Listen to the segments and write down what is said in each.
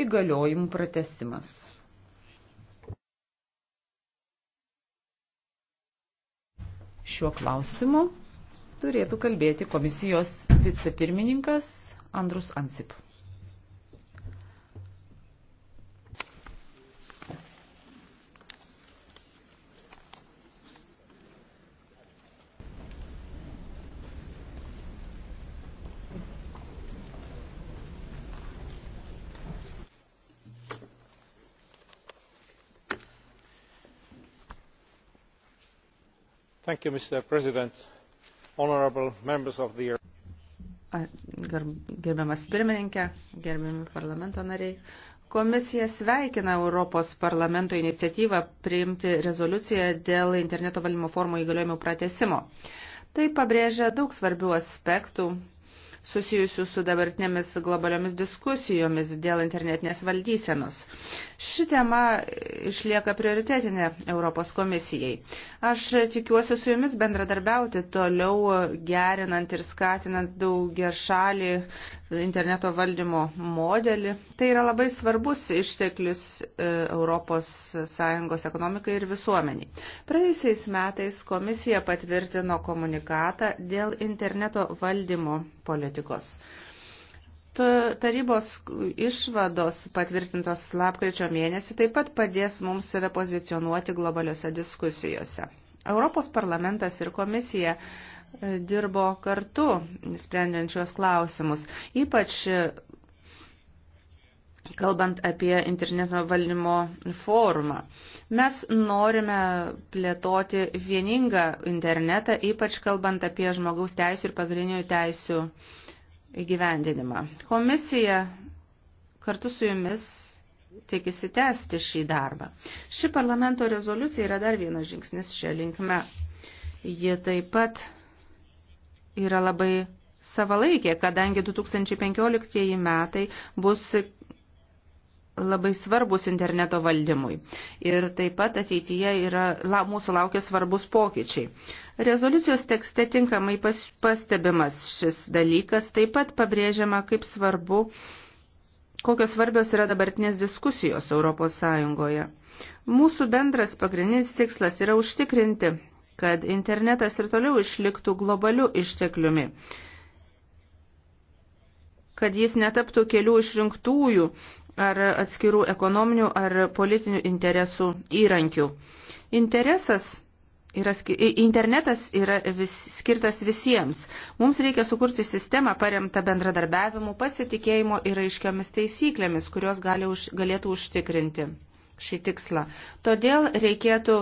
įgaliojimų pratesimas. Šiuo klausimu turėtų kalbėti komisijos vicepirmininkas Andrus Ansip. You, mr president honourable members of the gerbiamas pirmininke gerbiami parlamento nariai Komisija sveikina Europos parlamento iniciatyvą priimti rezoliuciją dėl interneto valymo formų įgaliojimų pratesimo. Tai pabrėžia daug svarbių aspektų susijusių su dabartinėmis globaliomis diskusijomis dėl internetinės valdysenos. Ši tema išlieka prioritetinė Europos komisijai. Aš tikiuosi su jumis bendradarbiauti toliau gerinant ir skatinant daugia šalį interneto valdymo modelį. Tai yra labai svarbus išteklius ES ekonomikai ir visuomeniai. Praėjusiais metais komisija patvirtino komunikatą dėl interneto valdymo politikos. Tarybos išvados patvirtintos lapkričio mėnesį taip pat padės mums save pozicionuoti globaliuose diskusijose. Europos parlamentas ir komisija e, dirbo kartu, sprendžiant šios klausimus, ypač kalbant apie internetinio valdymo forumą. Mes norime plėtoti vieningą internetą, ypač kalbant apie žmogaus teisų ir pagrindinių teisų įgyvendinimą. Komisija kartu su jumis tikisi tęsti šį darbą. Ši parlamento rezoliucija yra dar vienas žingsnis šią linkme. Ji taip pat yra labai savalaikė, kadangi 2015 metai bus labai svarbus interneto valdymui. Ir taip pat ateityje yra, la, mūsų laukia svarbus pokyčiai. Rezoliucijos tekste tinkamai pas, pastebimas šis dalykas, taip pat pabrėžiama, kaip svarbu, kokios svarbios yra dabartinės diskusijos ES. Mūsų bendras pagrindinis tikslas yra užtikrinti, kad internetas ir toliau išliktų globaliu ištekliumi kad jis netaptų kelių išrinktųjų ar atskirų ekonominių ar politinių interesų įrankių. Interesas yra, internetas yra vis, skirtas visiems. Mums reikia sukurti sistemą paremtą bendradarbiavimu, pasitikėjimu ir aiškiomis taisyklėmis, kurios gali už, galėtų užtikrinti šį tikslą. Todėl reikėtų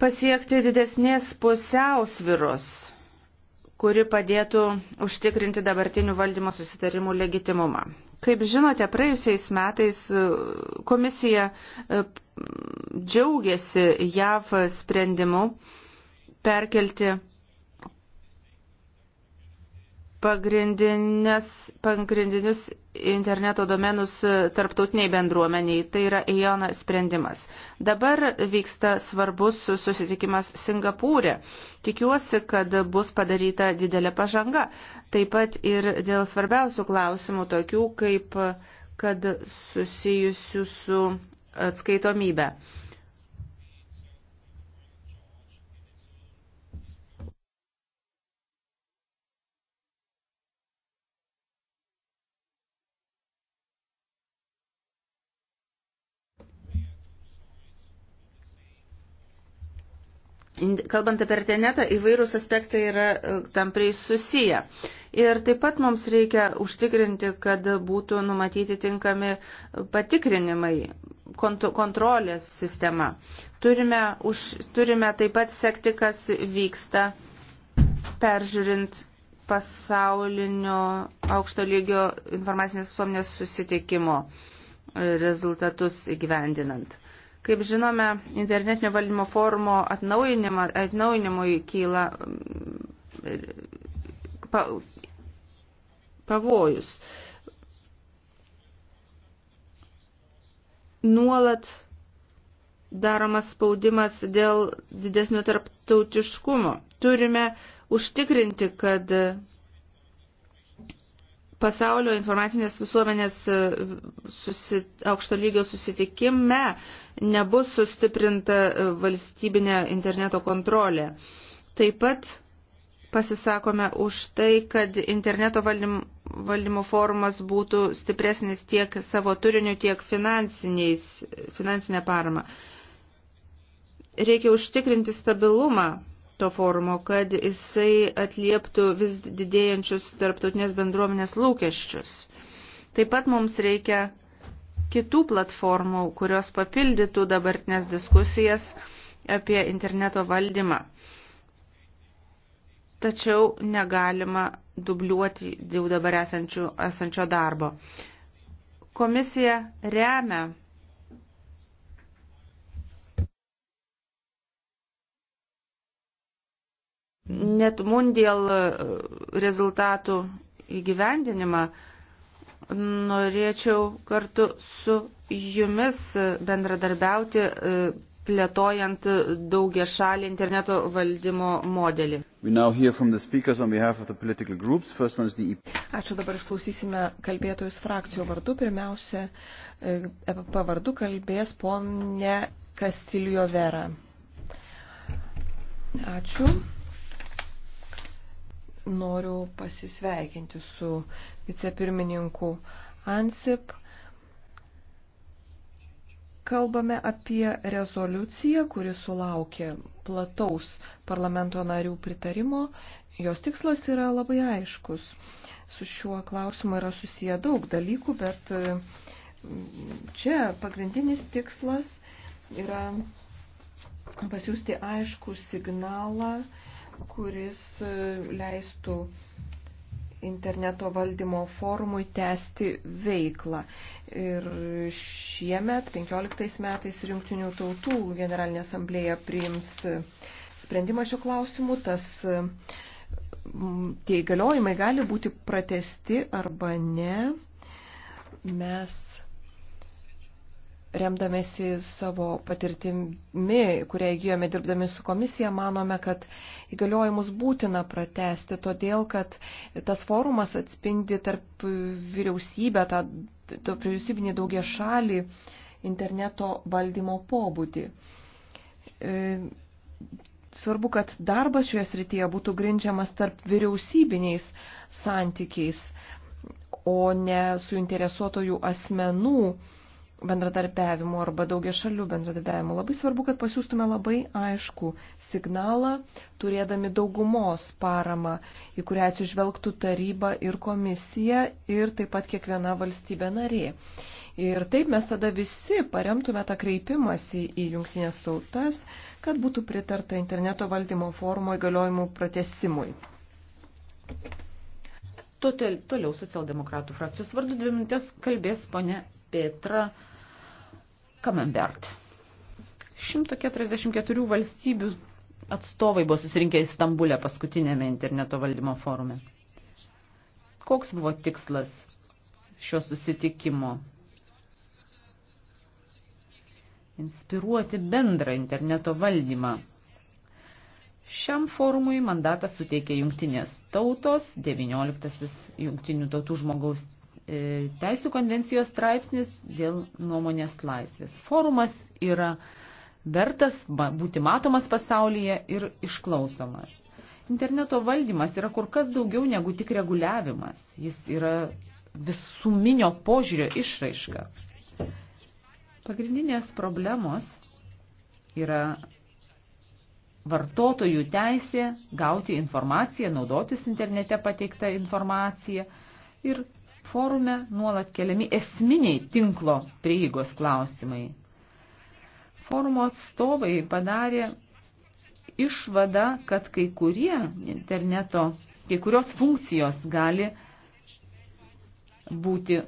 pasiekti didesnės pusiausviros kuri padėtų užtikrinti dabartinių valdymo susitarimų legitimumą. Kaip žinote, praėjusiais metais e, komisija e, džiaugiasi JAV sprendimu perkelti pagrindinius interneto domenus tarptautiniai bendruomeniai. Tai yra EONA sprendimas. Dabar vyksta svarbus susitikimas Singapūrė. Tikiuosi, kad bus padaryta didelė pažanga. Taip pat ir dėl svarbiausių klausimų, tokių kaip kad susijusių su atskaitomybė. Kalbant apie internetą, įvairūs aspektai yra e, tamprai susiję. Ir taip pat mums reikia užtikrinti, kad būtų numatyti tinkami patikrinimai, kont kontrolės sistema. Turime, už, turime taip pat sekti, kas vyksta, peržiūrint pasaulinio aukšto lygio informacinės visuomenės susitikimo e, rezultatus įgyvendinant. Kaip žinome, internetinio valdymo forumo atnaujinimui kyla mm, pavojus. Nuolat daromas spaudimas dėl didesnio tarptautiškumo. Turime užtikrinti, kad pasaulio informacinės visuomenės e, susi, aukšto lygio susitikime nebus sustiprinta e, valstybinė interneto kontrolė. Taip pat pasisakome už tai, kad interneto valdym, valdymo forumas būtų stipresnis tiek savo turiniu, tiek finansinė parama. Reikia užtikrinti stabilumą to forumo, kad jisai atlieptų vis didėjančius tarptautinės bendruomenės lūkesčius. Taip pat mums reikia kitų platformų, kurios papildytų dabartinės diskusijas apie interneto valdymą. Tačiau negalima dubliuoti jau dabar esančio darbo. Komisija remia net mundial e, rezultatų įgyvendinimą, norėčiau kartu su jumis bendradarbiauti e, plėtojant daugia šalį interneto valdymo modelį. The... E Ačiū dabar išklausysime kalbėtojus frakcijų vardu. Pirmiausia, EPP vardu kalbės ponė Kastilijo Vera. Ačiū noriu pasisveikinti su vicepirmininku Ansip. Kalbame apie rezoliuciją, kuri sulaukė plataus parlamento narių pritarimo. Jos tikslas yra labai aiškus. Su šiuo klausimu yra susiję daug dalykų, bet mm, čia pagrindinis tikslas yra pasiūsti aišku signalą kuris e, leistų interneto valdymo forumui tęsti veiklą. Ir šiemet, 15 metais, Junktinių tautų generalinė asamblėja priims sprendimą šiuo klausimu. Tas, e, tie įgaliojimai gali būti pratesti arba ne. Mes remdamėsi savo patirtimi, kurią įgyjome dirbdami su komisija, manome, kad įgaliojimus būtina pratesti, todėl kad tas forumas atspindi tarp vyriausybę, tą, tą vyriausybinį daugia šalį interneto valdymo pobūdį. E, svarbu, kad darbas šioje srityje būtų grindžiamas tarp vyriausybiniais santykiais, o ne suinteresuotojų asmenų bendradarbiavimu arba daugia šalių bendradarbiavimu. Labai svarbu, kad pasiūstume labai aišku signalą, turėdami daugumos paramą, į kurią atsižvelgtų taryba ir komisija ir taip pat kiekviena valstybė narė. Ir taip mes tada visi paremtume tą kreipimąsi į jungtinės tautas, kad būtų pritarta interneto valdymo forumo įgaliojimų pratesimui. Toliau socialdemokratų frakcijos vardu dvi minutės kalbės ponė Petra Kamembert. 144 valstybių atstovai buvo susirinkę į Stambulę paskutinėme interneto valdymo forume. Koks buvo tikslas šio susitikimo? Inspiruoti bendrą interneto valdymą. Šiam forumui mandatą suteikė jungtinės tautos, 19 jungtinių tautų žmogaus E, teisų konvencijos straipsnis dėl nuomonės laisvės. Forumas yra vertas būti matomas pasaulyje ir išklausomas. Interneto valdymas yra kur kas daugiau negu tik reguliavimas. Jis yra visuminio požiūrio išraiška. Pagrindinės problemos yra vartotojų teisė gauti informaciją, naudotis internete pateiktą informaciją ir Forume nuolat keliami esminiai tinklo prieigos klausimai. Forumo atstovai padarė išvadą, kad kai kurie interneto, kai kurios funkcijos gali būti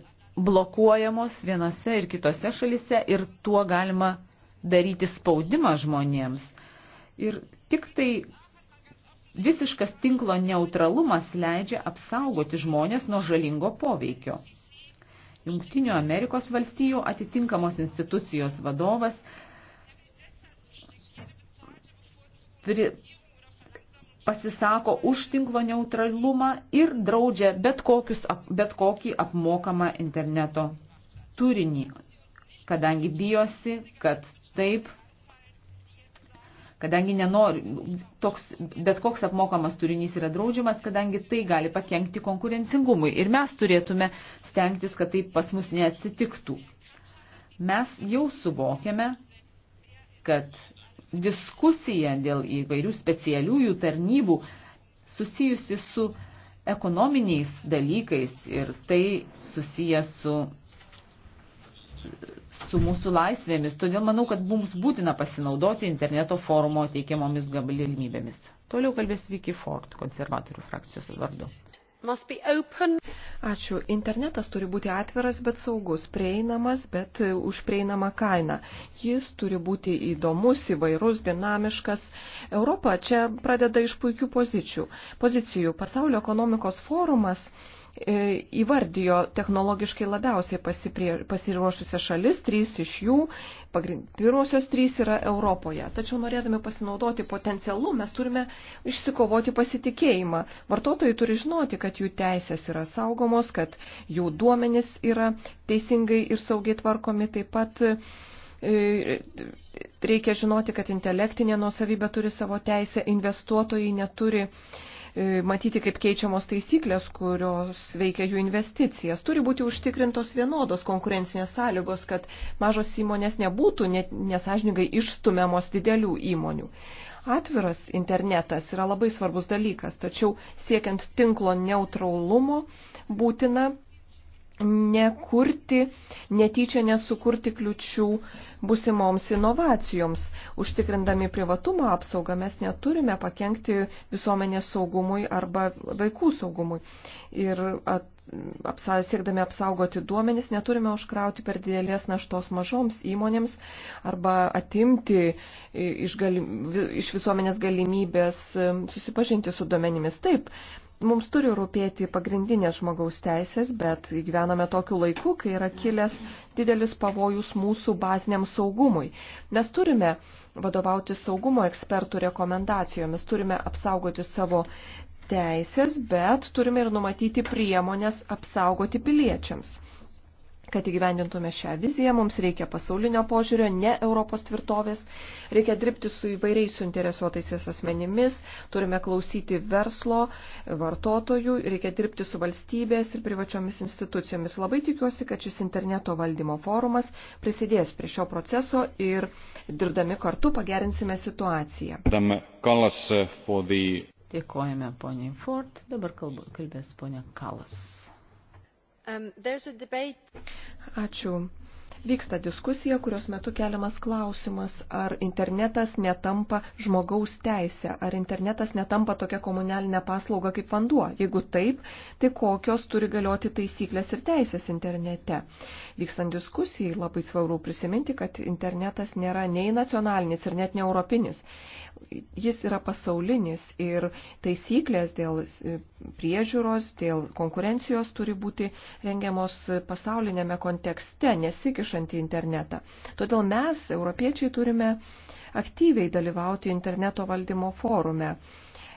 blokuojamos vienose ir kitose šalise ir tuo galima daryti spaudimą žmonėms. Ir tik tai Visiškas tinklo neutralumas leidžia apsaugoti žmonės nuo žalingo poveikio. Jungtinių Amerikos valstijų atitinkamos institucijos vadovas pri, pasisako už tinklo neutralumą ir draudžia bet, kokius, bet kokį apmokamą interneto turinį, kadangi bijosi, kad taip kadangi nenori, toks, bet koks apmokamas turinys yra draudžiamas, kadangi tai gali pakengti konkurencingumui. Ir mes turėtume stengtis, kad tai pas mus neatsitiktų. Mes jau suvokiame, kad diskusija dėl įvairių specialiųjų tarnybų susijusi su ekonominiais dalykais ir tai susijęs su su mūsų laisvėmis, todėl manau, kad mums būtina pasinaudoti interneto forumo teikiamomis galimybėmis. Toliau kalbės Vicky Ford, konservatorių frakcijos vardu. Ačiū. Internetas turi būti atviras, bet saugus, prieinamas, bet e, už prieinamą kainą. Jis turi būti įdomus, įvairus, dinamiškas. Europa čia pradeda iš puikių pozicijų. Pozicijų pasaulio ekonomikos forumas E, įvardijo technologiškai labiausiai pasiruošusią šalis, trys iš jų, pirmosios trys yra Europoje. Tačiau norėdami pasinaudoti potencialu, mes turime išsikovoti pasitikėjimą. Vartotojai turi žinoti, kad jų teisės yra saugomos, kad jų duomenys yra teisingai ir saugiai tvarkomi. Taip pat e, reikia žinoti, kad intelektinė nuosavybė turi savo teisę, investuotojai neturi E, matyti, kaip keičiamos taisyklės, kurios veikia jų investicijas. Turi būti užtikrintos vienodos konkurencinės sąlygos, kad mažos įmonės nebūtų nesažininkai išstumiamos didelių įmonių. Atviras internetas yra labai svarbus dalykas, tačiau siekiant tinklo neutralumo būtina nekurti, netyčia nesukurti kliučių busimoms inovacijoms. Užtikrindami privatumo apsaugą mes neturime pakengti visuomenės saugumui arba vaikų saugumui. Ir at, apsa, siekdami apsaugoti duomenis neturime užkrauti per didelės naštos mažoms įmonėms arba atimti iš, galim, iš visuomenės galimybės e, susipažinti su duomenimis. Taip, mums turi rūpėti pagrindinės žmogaus teisės, bet gyvename tokiu laiku, kai yra kilęs didelis pavojus mūsų baziniam saugumui. Mes turime vadovauti saugumo ekspertų rekomendacijomis, turime apsaugoti savo teisės, bet turime ir numatyti priemonės apsaugoti piliečiams. Kad įgyvendintume šią viziją, mums reikia pasaulinio požiūrio, ne Europos tvirtovės. Reikia dirbti su įvairiais suinteresuotaisiais asmenimis, turime klausyti verslo, vartotojų, reikia dirbti su valstybės ir privačiomis institucijomis. Labai tikiuosi, kad šis interneto valdymo forumas prisidės prie šio proceso ir dirbdami kartu pagerinsime situaciją. Eh, Dėkojame poniai Ford, dabar kalbės ponia Kalas. Um, Ačiū. Vyksta diskusija, kurios metu keliamas klausimas, ar internetas netampa žmogaus teisė, ar internetas netampa tokia komunalinė paslauga kaip vanduo. Jeigu taip, tai kokios turi galioti taisyklės ir teisės internete. Vykstant diskusijai labai svarbu prisiminti, kad internetas nėra nei nacionalinis ir net ne europinis jis yra pasaulinis ir taisyklės dėl priežiūros, dėl konkurencijos turi būti rengiamos pasaulinėme kontekste, nesikišant į internetą. Todėl mes, europiečiai, turime aktyviai dalyvauti interneto valdymo forume.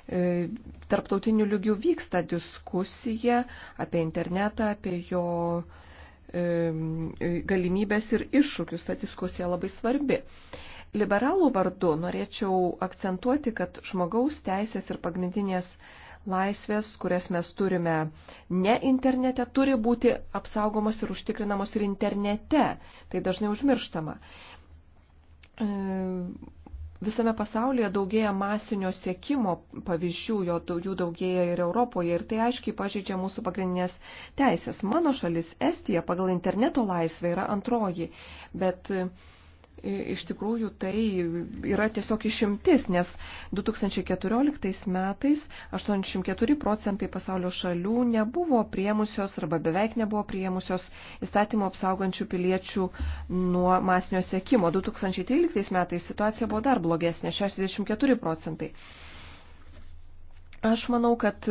E, tarptautiniu lygiu vyksta diskusija apie internetą, apie jo e, galimybės ir iššūkius. Ta diskusija labai svarbi. Liberalų vardu norėčiau akcentuoti, kad žmogaus teisės ir pagrindinės laisvės, kurias mes turime ne internete, turi būti apsaugomos ir užtikrinamos ir internete. Tai dažnai užmirštama. E, visame pasaulyje daugėja masinio siekimo pavyzdžių, jo jų daugėja ir Europoje, ir tai aiškiai pažeidžia mūsų pagrindinės teisės. Mano šalis, Estija, pagal interneto laisvę yra antroji, bet uh, iš tikrųjų tai yra tiesiog išimtis, nes 2014 metais 84 procentai pasaulio šalių nebuvo priemusios arba beveik nebuvo priemusios įstatymo apsaugančių piliečių nuo masinio sėkimo. 2013 metais situacija buvo dar blogesnė - 64 procentai. Aš manau, kad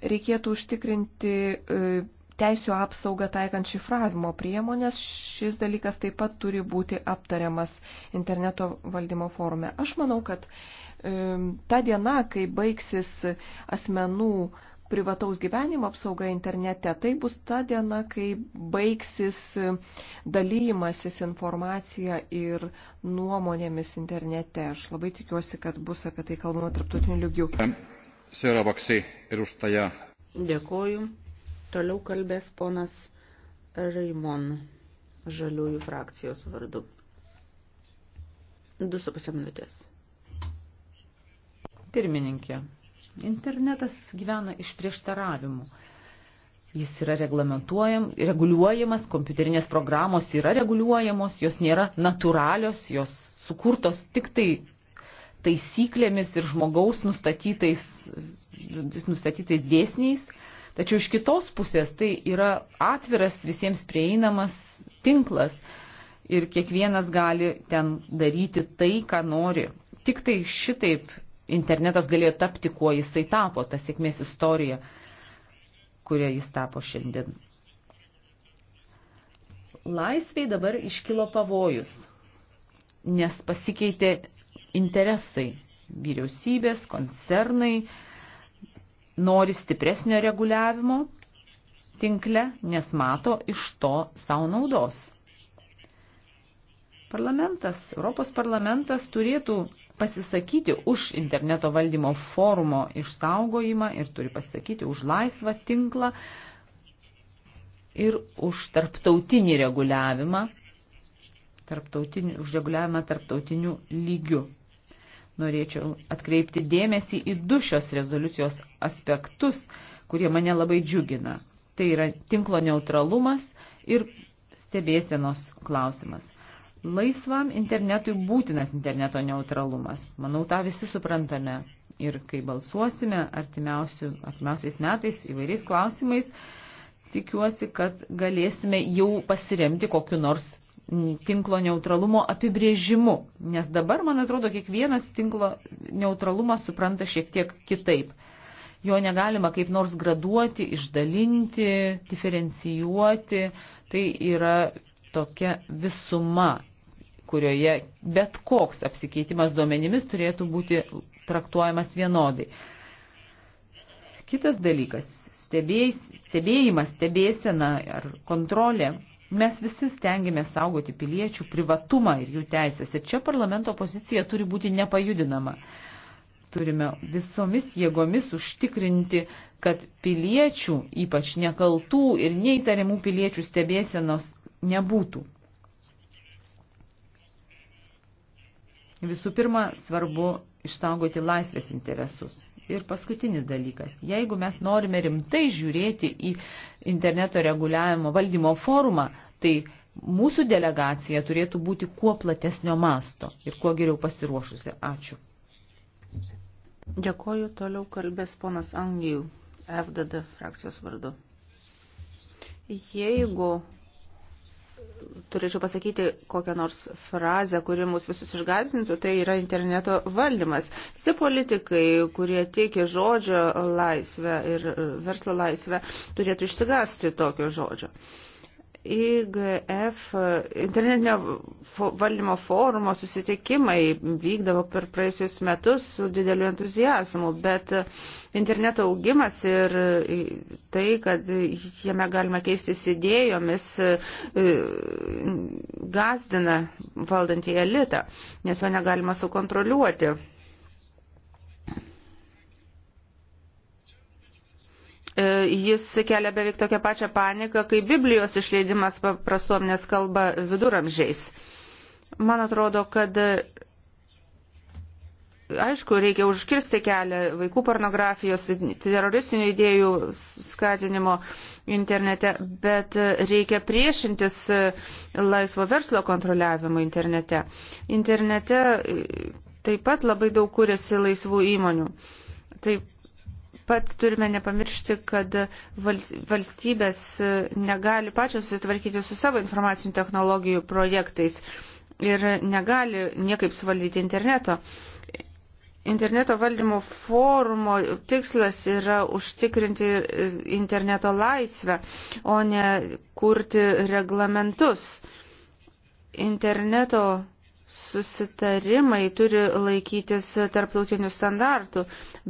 reikėtų užtikrinti e, teisų apsaugą taikant šifravimo priemonės, šis dalykas taip pat turi būti aptariamas interneto valdymo forume. Aš manau, kad e, ta diena, kai baigsis asmenų privataus gyvenimo apsauga internete, tai bus ta diena, kai baigsis dalymasis informacija ir nuomonėmis internete. Aš labai tikiuosi, kad bus apie tai kalbama tarptautiniu lygiu. Seuraavaksi edustaja. Dėkoju. Toliau kalbės ponas Raimon žaliųjų frakcijos vardu. Du su pusė minutės. Pirmininkė, internetas gyvena iš prieštaravimų. Jis yra reguliuojamas, kompiuterinės programos yra reguliuojamos, jos nėra natūralios, jos sukurtos tik tai taisyklėmis ir žmogaus nustatytais, nustatytais dėsniais Tačiau iš kitos pusės tai yra atviras visiems prieinamas tinklas ir kiekvienas gali ten daryti tai, ką nori. Tik tai šitaip internetas galėjo tapti, kuo jisai tapo, ta sėkmės istorija, kuria jis tapo šiandien. Laisviai dabar iškilo pavojus, nes pasikeitė interesai vyriausybės, koncernai, nori stipresnio reguliavimo tinkle, nes mato iš to savo naudos. Parlamentas, Europos parlamentas turėtų pasisakyti už interneto valdymo forumo išsaugojimą ir turi pasisakyti už laisvą tinklą ir už tarptautinį reguliavimą, tarptautinį, už reguliavimą tarptautiniu lygiu. Norėčiau atkreipti dėmesį į du šios rezoliucijos aspektus, kurie mane labai džiugina. Tai yra tinklo neutralumas ir stebėsenos klausimas. Laisvam internetui būtinas interneto neutralumas. Manau, tą visi suprantame. Ir kai balsuosime artimiausiais metais įvairiais klausimais, tikiuosi, kad galėsime jau pasiremti kokiu nors tinklo neutralumo apibrėžimu, nes dabar, man atrodo, kiekvienas tinklo neutralumą supranta šiek tiek kitaip. Jo negalima kaip nors graduoti, išdalinti, diferencijuoti, tai yra tokia visuma, kurioje bet koks apsikeitimas duomenimis turėtų būti traktuojamas vienodai. Kitas dalykas - stebėjimas, stebėsena ar kontrolė Mes visi stengiamės saugoti piliečių privatumą ir jų teisės. Ir čia parlamento pozicija turi būti nepajudinama. Turime visomis jėgomis užtikrinti, kad piliečių, ypač nekaltų ir neįtariamų piliečių stebėsenos nebūtų. Visų pirma, svarbu išsaugoti laisvės interesus. Ir paskutinis dalykas. Jeigu mes norime rimtai žiūrėti į interneto reguliavimo valdymo forumą, tai mūsų delegacija turėtų būti kuo platesnio masto ir kuo geriau pasiruošusi. Ačiū. Dėkoju. Toliau kalbės ponas Angijų, FDD frakcijos vardu. Jeigu turėčiau pasakyti kokią nors frazę, kuri mus visus išgazintų, tai yra interneto valdymas. Visi politikai, kurie tiki žodžio laisvę ir verslo laisvę, turėtų išsigasti tokio žodžio. Uh, IGF internetinio valdymo forumo susitikimai vykdavo per praėjusius metus su dideliu entuzijazmu, bet interneto augimas ir tai, kad jame galima keistis idėjomis, gazdina valdantį elitą, nes jo negalima sukontroliuoti. E, jis kelia beveik tokią pačią paniką, kaip Biblijos išleidimas paprastuomenės kalba viduramžiais. Man atrodo, kad aišku, reikia užkirsti kelią vaikų pornografijos, teroristinių idėjų skatinimo internete, bet reikia priešintis laisvo verslo kontroliavimui internete. Internete taip pat labai daug kūrėsi laisvų įmonių. Taip pat turime nepamiršti, kad valstybės e, negali pačios susitvarkyti su savo informacinių technologijų projektais ir negali niekaip suvaldyti interneto. Interneto valdymo forumo tikslas yra užtikrinti e, interneto laisvę, o ne kurti reglamentus. Interneto susitarimai turi laikytis tarptautinių standartų,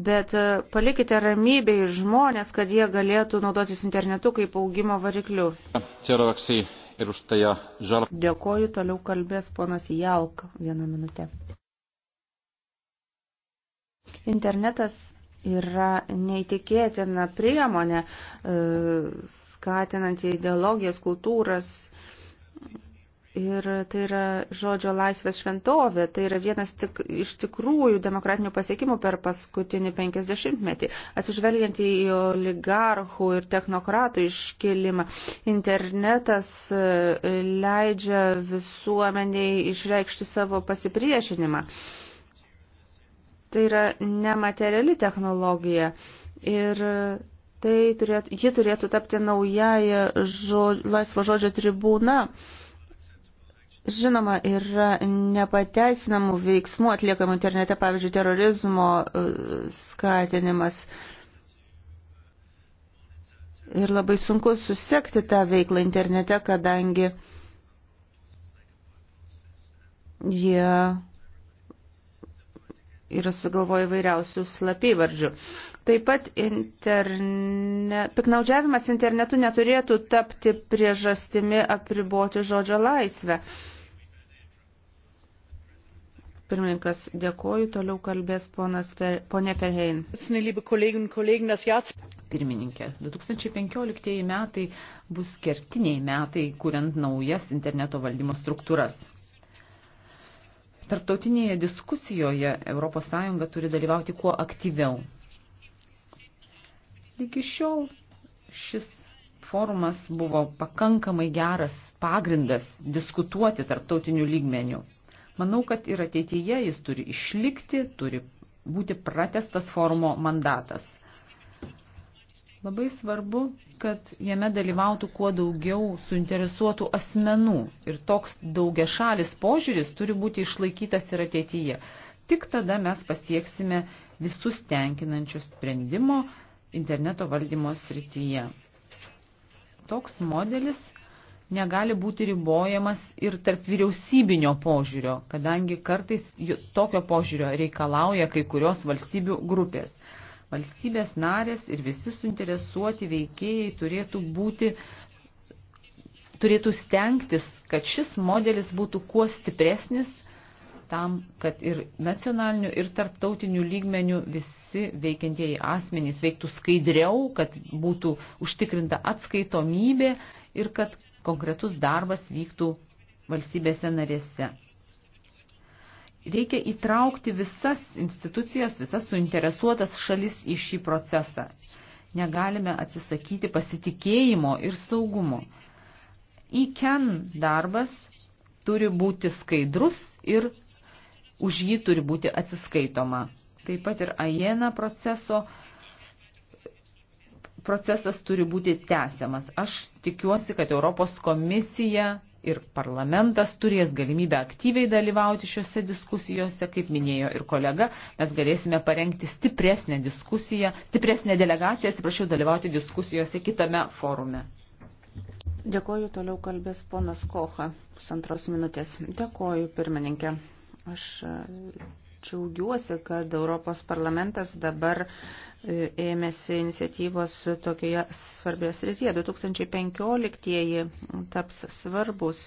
bet e, palikite ramybėje žmonės, kad jie galėtų naudotis internetu kaip augimo varikliu. Dėkoju, toliau kalbės ponas Jalk vieną minutę. Internetas yra neįtikėtina priemonė, e, skatinanti ideologijas, kultūras Ir tai yra žodžio laisvės šventovė, tai yra vienas tik, iš tikrųjų demokratinių pasiekimų per paskutinį penkisdešimtmetį. Atsižvelgiant į oligarchų ir technokratų iškilimą, internetas e, leidžia visuomeniai išreikšti savo pasipriešinimą. Tai yra nemateriali technologija ir tai turėtų, ji turėtų tapti naująją žodž, laisvo žodžio tribūną. Žinoma, yra nepateisinamų veiksmų atliekamų internete, pavyzdžiui, terorizmo e, skatinimas. Ir labai sunku susekti tą veiklą internete, kadangi jie yra sugalvoję vairiausių slapyvardžių. Taip pat interne... piknaudžiavimas internetu neturėtų tapti priežastimi apriboti žodžio laisvę. Pirmininkas, dėkoju, toliau kalbės ponas per... ponė Perhein. Pirmininkė, 2015 metai bus kertiniai metai, kuriant naujas interneto valdymo struktūras. Tarptautinėje diskusijoje ES turi dalyvauti kuo aktyviau Lygi šiol šis forumas buvo pakankamai geras pagrindas diskutuoti tarptautinių lygmenių. Manau, kad ir ateityje jis turi išlikti, turi būti pratestas forumo mandatas. Labai svarbu, kad jame dalyvautų kuo daugiau suinteresuotų asmenų ir toks daugia šalis požiūris turi būti išlaikytas ir ateityje. Tik tada mes pasieksime visus tenkinančius sprendimo interneto valdymo srityje. Toks modelis negali būti ribojamas ir tarp vyriausybinio požiūrio, kadangi kartais tokio požiūrio reikalauja kai kurios valstybių grupės. Valstybės narės ir visi suinteresuoti veikėjai turėtų būti turėtų stengtis, kad šis modelis būtų kuo stipresnis tam, kad ir nacionaliniu, ir tarptautiniu lygmeniu visi veikiantieji asmenys veiktų skaidriau, kad būtų užtikrinta atskaitomybė ir kad konkretus darbas vyktų valstybėse narėse. Reikia įtraukti visas institucijas, visas suinteresuotas šalis į šį procesą. Negalime atsisakyti pasitikėjimo ir saugumo. ICAN darbas turi būti skaidrus ir už jį turi būti atsiskaitoma. Taip pat ir AIENA proceso procesas turi būti tęsiamas. Aš tikiuosi, kad Europos komisija ir parlamentas turės galimybę aktyviai dalyvauti šiuose diskusijose, kaip minėjo ir kolega, mes galėsime parengti stipresnę diskusiją, stipresnę delegaciją, atsiprašau, dalyvauti diskusijose kitame forume. Dėkoju, toliau kalbės ponas Kocha, pusantros minutės. Dėkoju, pirmininkė. Aš e, džiaugiuosi, kad Europos parlamentas dabar e, ėmėsi iniciatyvos tokioje svarbioje srityje. 2015-ieji taps svarbus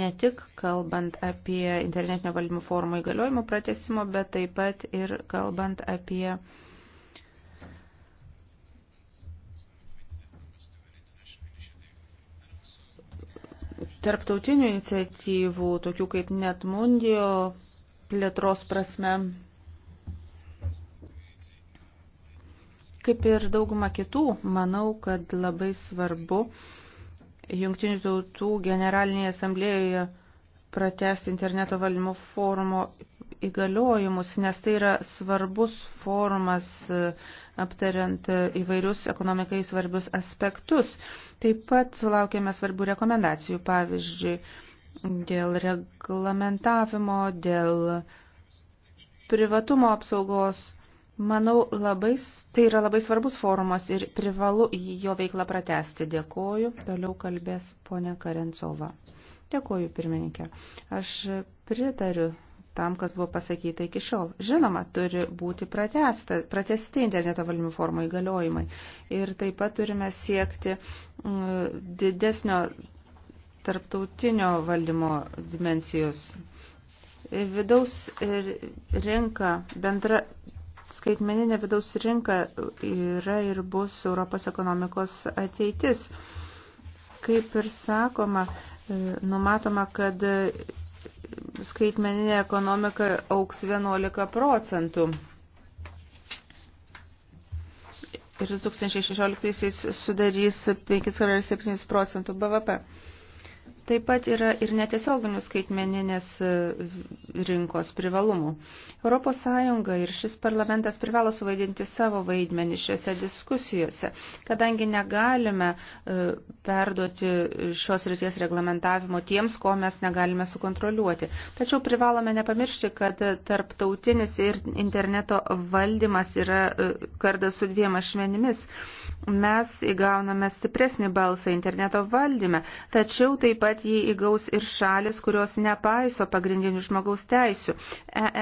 ne tik kalbant apie internetinio valdymo formų įgaliojimo pratesimo, bet taip pat ir kalbant apie tarptautinių iniciatyvų, tokių kaip Netmundio plėtros prasme, kaip ir dauguma kitų, manau, kad labai svarbu Jungtinių tautų generalinėje asamblėjoje pratesti interneto valymo forumo įgaliojimus, nes tai yra svarbus formas e, aptariant e, įvairius ekonomikai svarbius aspektus. Taip pat sulaukėme svarbių rekomendacijų, pavyzdžiui, dėl reglamentavimo, dėl privatumo apsaugos. Manau, labai, tai yra labai svarbus forumas ir privalu jo veiklą pratesti. Dėkoju. Toliau kalbės ponė Karencova. Dėkoju, pirmininkė. Aš pritariu tam, kas buvo pasakyta iki šiol. Žinoma, turi būti pratesti interneto valdymo formų įgaliojimai. Ir taip pat turime siekti mm, didesnio tarptautinio valdymo dimensijos. Vidaus rinka, bendra skaitmeninė vidaus rinka yra ir bus Europos ekonomikos ateitis. Kaip ir sakoma, e, numatoma, kad skaitmeninė ekonomika auks 11 procentų. Ir 2016 sudarys 5,7 procentų BVP. Taip pat yra ir netiesioginių skaitmeninės e, rinkos privalumų. ES ir šis parlamentas privalo suvaidinti savo vaidmenį šiuose diskusijose, kadangi negalime e, perduoti šios ryties reglamentavimo tiems, ko mes negalime sukontroliuoti. Tačiau privalome nepamiršti, kad tarptautinis ir interneto valdymas yra e, kardas su dviem ašmenimis. Mes įgauname stipresnį balsą interneto valdyme, tačiau taip pat pat jį įgaus ir šalis, kurios nepaiso pagrindinių žmogaus teisių.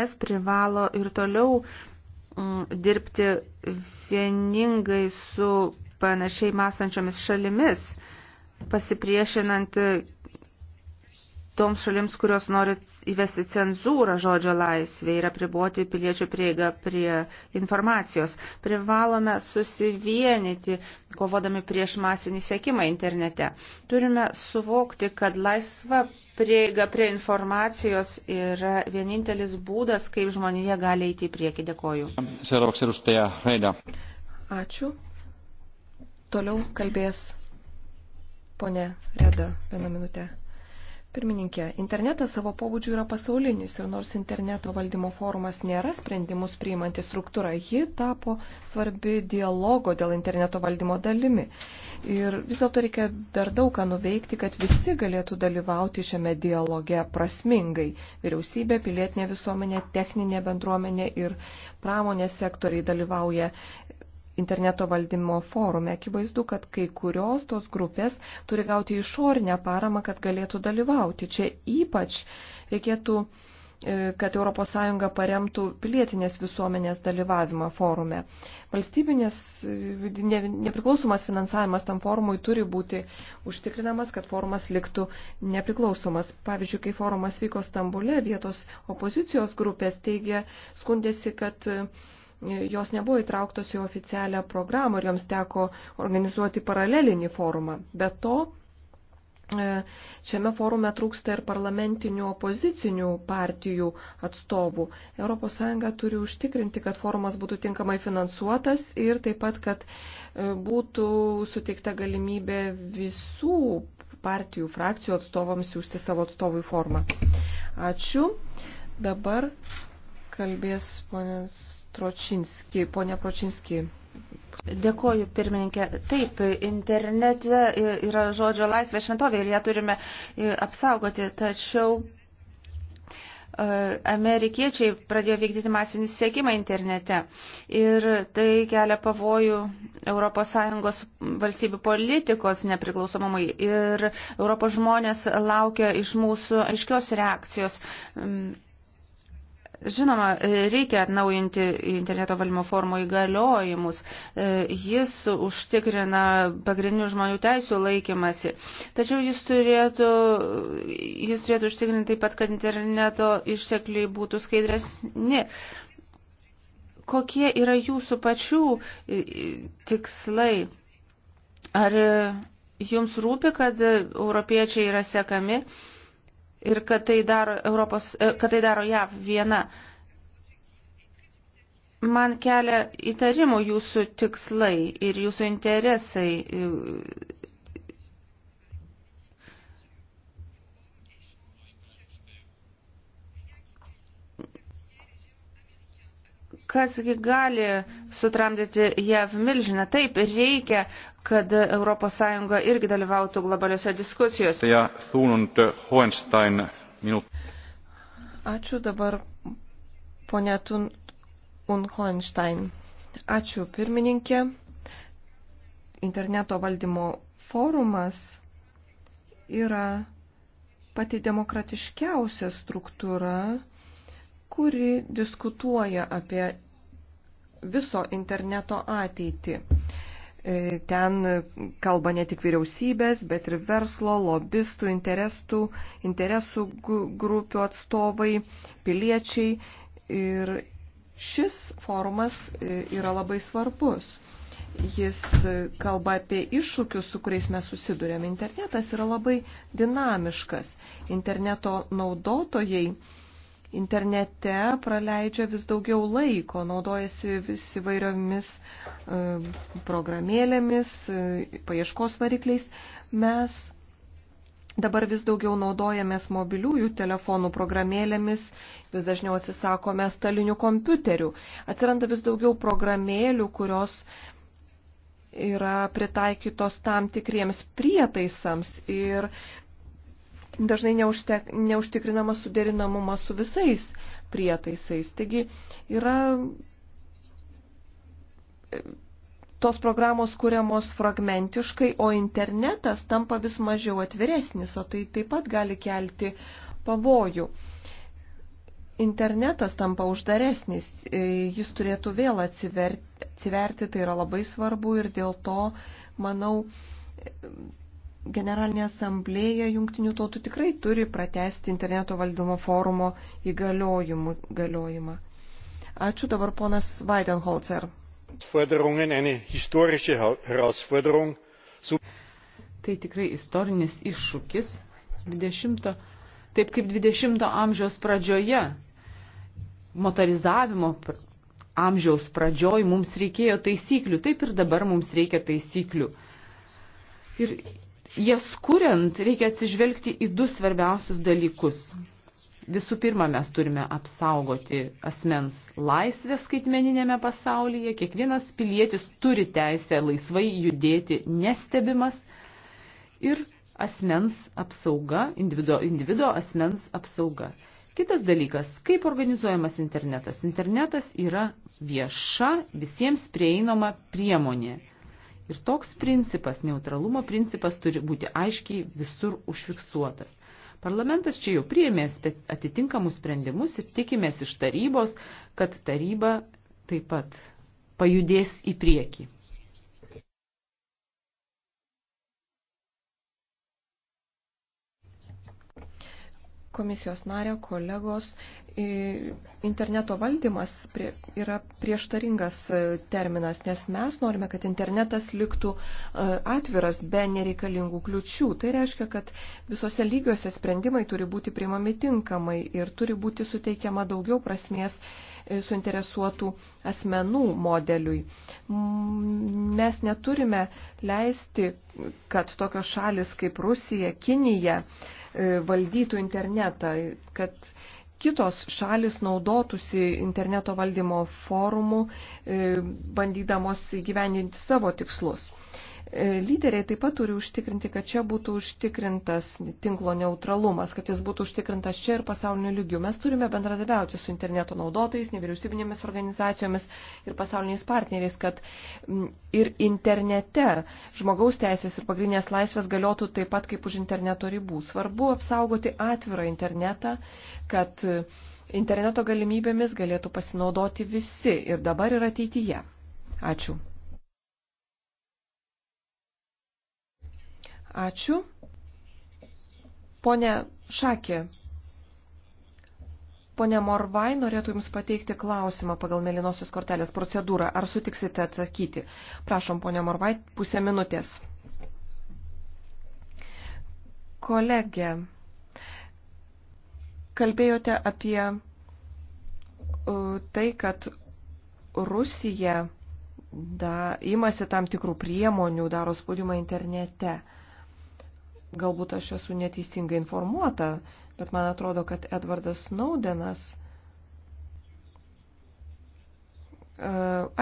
ES privalo ir toliau mm, dirbti vieningai su panašiai mąstančiomis šalimis, pasipriešinant toms šalims, kurios nori įvesti cenzūrą žodžio laisvė ir apriboti piliečių prieigą prie informacijos. Privalome susivienyti, kovodami prieš masinį sekimą internete. Turime suvokti, kad laisva prieiga prie informacijos yra vienintelis būdas, kaip žmonėje gali eiti į priekį. Dėkoju. Ačiū. Toliau kalbės ponė Reda vieną minutę. Pirmininkė, internetas savo pobūdžiu yra pasaulinis ir nors interneto valdymo forumas nėra sprendimus priimanti struktūra, ji tapo svarbi dialogo dėl interneto valdymo dalimi. Ir vis dėlto reikia dar daug ką nuveikti, kad visi galėtų dalyvauti šiame dialoge prasmingai. Vyriausybė, pilietinė visuomenė, techninė bendruomenė ir pramonės sektoriai dalyvauja interneto valdymo forume. Akivaizdu, kad kai kurios tos grupės turi gauti išorinę paramą, kad galėtų dalyvauti. Čia ypač reikėtų e, kad ES paremtų pilietinės visuomenės dalyvavimą forume. Valstybinės e, ne, nepriklausomas finansavimas tam forumui turi būti užtikrinamas, kad forumas liktų nepriklausomas. Pavyzdžiui, kai forumas vyko Stambule, vietos opozicijos grupės teigia, skundėsi, kad e, jos nebuvo įtrauktos į oficialią programą ir joms teko organizuoti paralelinį forumą. Be to, e, šiame forume trūksta ir parlamentinių opozicinių partijų atstovų. ES turi užtikrinti, kad forumas būtų tinkamai finansuotas ir taip pat, kad e, būtų suteikta galimybė visų partijų frakcijų atstovams siūsti savo atstovų į formą. Ačiū. Dabar kalbės ponas Tročinski, ponia Pročinski. Dėkoju, pirmininkė. Taip, internete yra žodžio laisvė šventovė ir ją turime apsaugoti, tačiau e, amerikiečiai pradėjo vykdyti masinį siekimą internete. Ir tai kelia pavojų ES valstybių politikos nepriklausomumui. Ir Europos žmonės laukia iš mūsų aiškios reakcijos. Žinoma, reikia atnaujinti interneto valymo formų įgaliojimus. E, jis užtikrina pagrindinių žmonių teisų laikymasi. Tačiau jis turėtų, jis turėtų užtikrinti taip pat, kad interneto ištekliai būtų skaidresni. Kokie yra jūsų pačių e, tikslai? Ar e, jums rūpi, kad europiečiai yra sekami? ir kad tai daro, Europos, e, kad tai daro JAV viena. Man kelia įtarimų jūsų tikslai ir jūsų interesai. Kasgi gali sutramdyti JAV milžiną? Taip, reikia kad ES irgi dalyvautų globaliuose diskusijose. Ja, Thunund Hohenstein, minut. Ačiū dabar ponė Thunund Hohenstein. Ačiū pirmininkė. Interneto valdymo forumas yra pati demokratiškiausia struktūra, kuri diskutuoja apie viso interneto ateitį. E, ten kalba ne tik vyriausybės, bet ir verslo, lobistų, interesų, interesų grupių atstovai, piliečiai. Ir šis forumas e, yra labai svarbus. Jis e, kalba apie iššūkius, su kuriais mes susidurėm. Internetas yra labai dinamiškas. Interneto naudotojai internete praleidžia vis daugiau laiko, naudojasi vis įvairiomis e, programėlėmis, e, paieškos varikliais. Mes dabar vis daugiau naudojamės mobiliųjų telefonų programėlėmis, vis dažniau atsisakome stalinių kompiuterių. Atsiranda vis daugiau programėlių, kurios yra pritaikytos tam tikriems prietaisams ir dažnai neužtek, neužtikrinamas suderinamumas su visais prietaisais. Taigi yra e, tos programos kuriamos fragmentiškai, o internetas tampa vis mažiau atviresnis, o tai taip pat gali kelti pavojų. Internetas tampa uždaresnis, e, jis turėtų vėl atsiverti, atsiverti, tai yra labai svarbu ir dėl to, manau, Generalinė asamblėja jungtinių tautų tikrai turi pratesti interneto valdymo forumo įgaliojimą. Ačiū dabar ponas Weidenholzer. Tai tikrai istorinis iššūkis. 20, taip kaip 20 amžiaus pradžioje, motorizavimo amžiaus pradžioj mums reikėjo taisyklių, taip ir dabar mums reikia taisyklių. Ir jas kuriant reikia atsižvelgti į du svarbiausius dalykus. Visų pirma, mes turime apsaugoti asmens laisvę skaitmeninėme pasaulyje. Kiekvienas pilietis turi teisę laisvai judėti nestebimas ir asmens apsauga, individuo, individuo asmens apsauga. Kitas dalykas, kaip organizuojamas internetas. Internetas yra vieša, visiems prieinama priemonė. Ir toks principas, neutralumo principas, turi būti aiškiai visur užfiksuotas. Parlamentas čia jau priėmė atitinkamus sprendimus ir tikimės iš tarybos, kad taryba taip pat pajudės į priekį. Komisijos nario kolegos interneto valdymas prie, yra prieštaringas e, terminas, nes mes norime, kad internetas liktų e, atviras be nereikalingų kliučių. Tai reiškia, kad visose lygiuose sprendimai turi būti priimami tinkamai ir turi būti suteikiama daugiau prasmės e, suinteresuotų asmenų modeliui. Mes neturime leisti, kad tokios šalis kaip Rusija, Kinija valdytų internetą, kad kitos šalis naudotųsi interneto valdymo forumų, e, bandydamos įgyvendinti savo tikslus. E, lyderiai taip pat turi užtikrinti, kad čia būtų užtikrintas tinklo neutralumas, kad jis būtų užtikrintas čia ir pasauliniu lygiu. Mes turime bendradabiauti su interneto naudotojais, nevyriausybinėmis organizacijomis ir pasauliniais partneriais, kad ir internete žmogaus teisės ir pagrindinės laisvės galiotų taip pat kaip už interneto ribų. Svarbu apsaugoti atvirą internetą, kad interneto galimybėmis galėtų pasinaudoti visi ir dabar ir ateityje. Ačiū. Ačiū. Pone Šakė, Pone Morvai, norėtų Jums pateikti klausimą pagal mėlynosios kortelės procedūrą. Ar sutiksite atsakyti? Prašom, ponė Morvai, pusę minutės. Kolegė, kalbėjote apie tai, kad Rusija da, imasi tam tikrų priemonių, daro spaudimą internete. Uh, Galbūt aš esu neteisingai informuota, bet man atrodo, kad Edvardas Snowdenas e,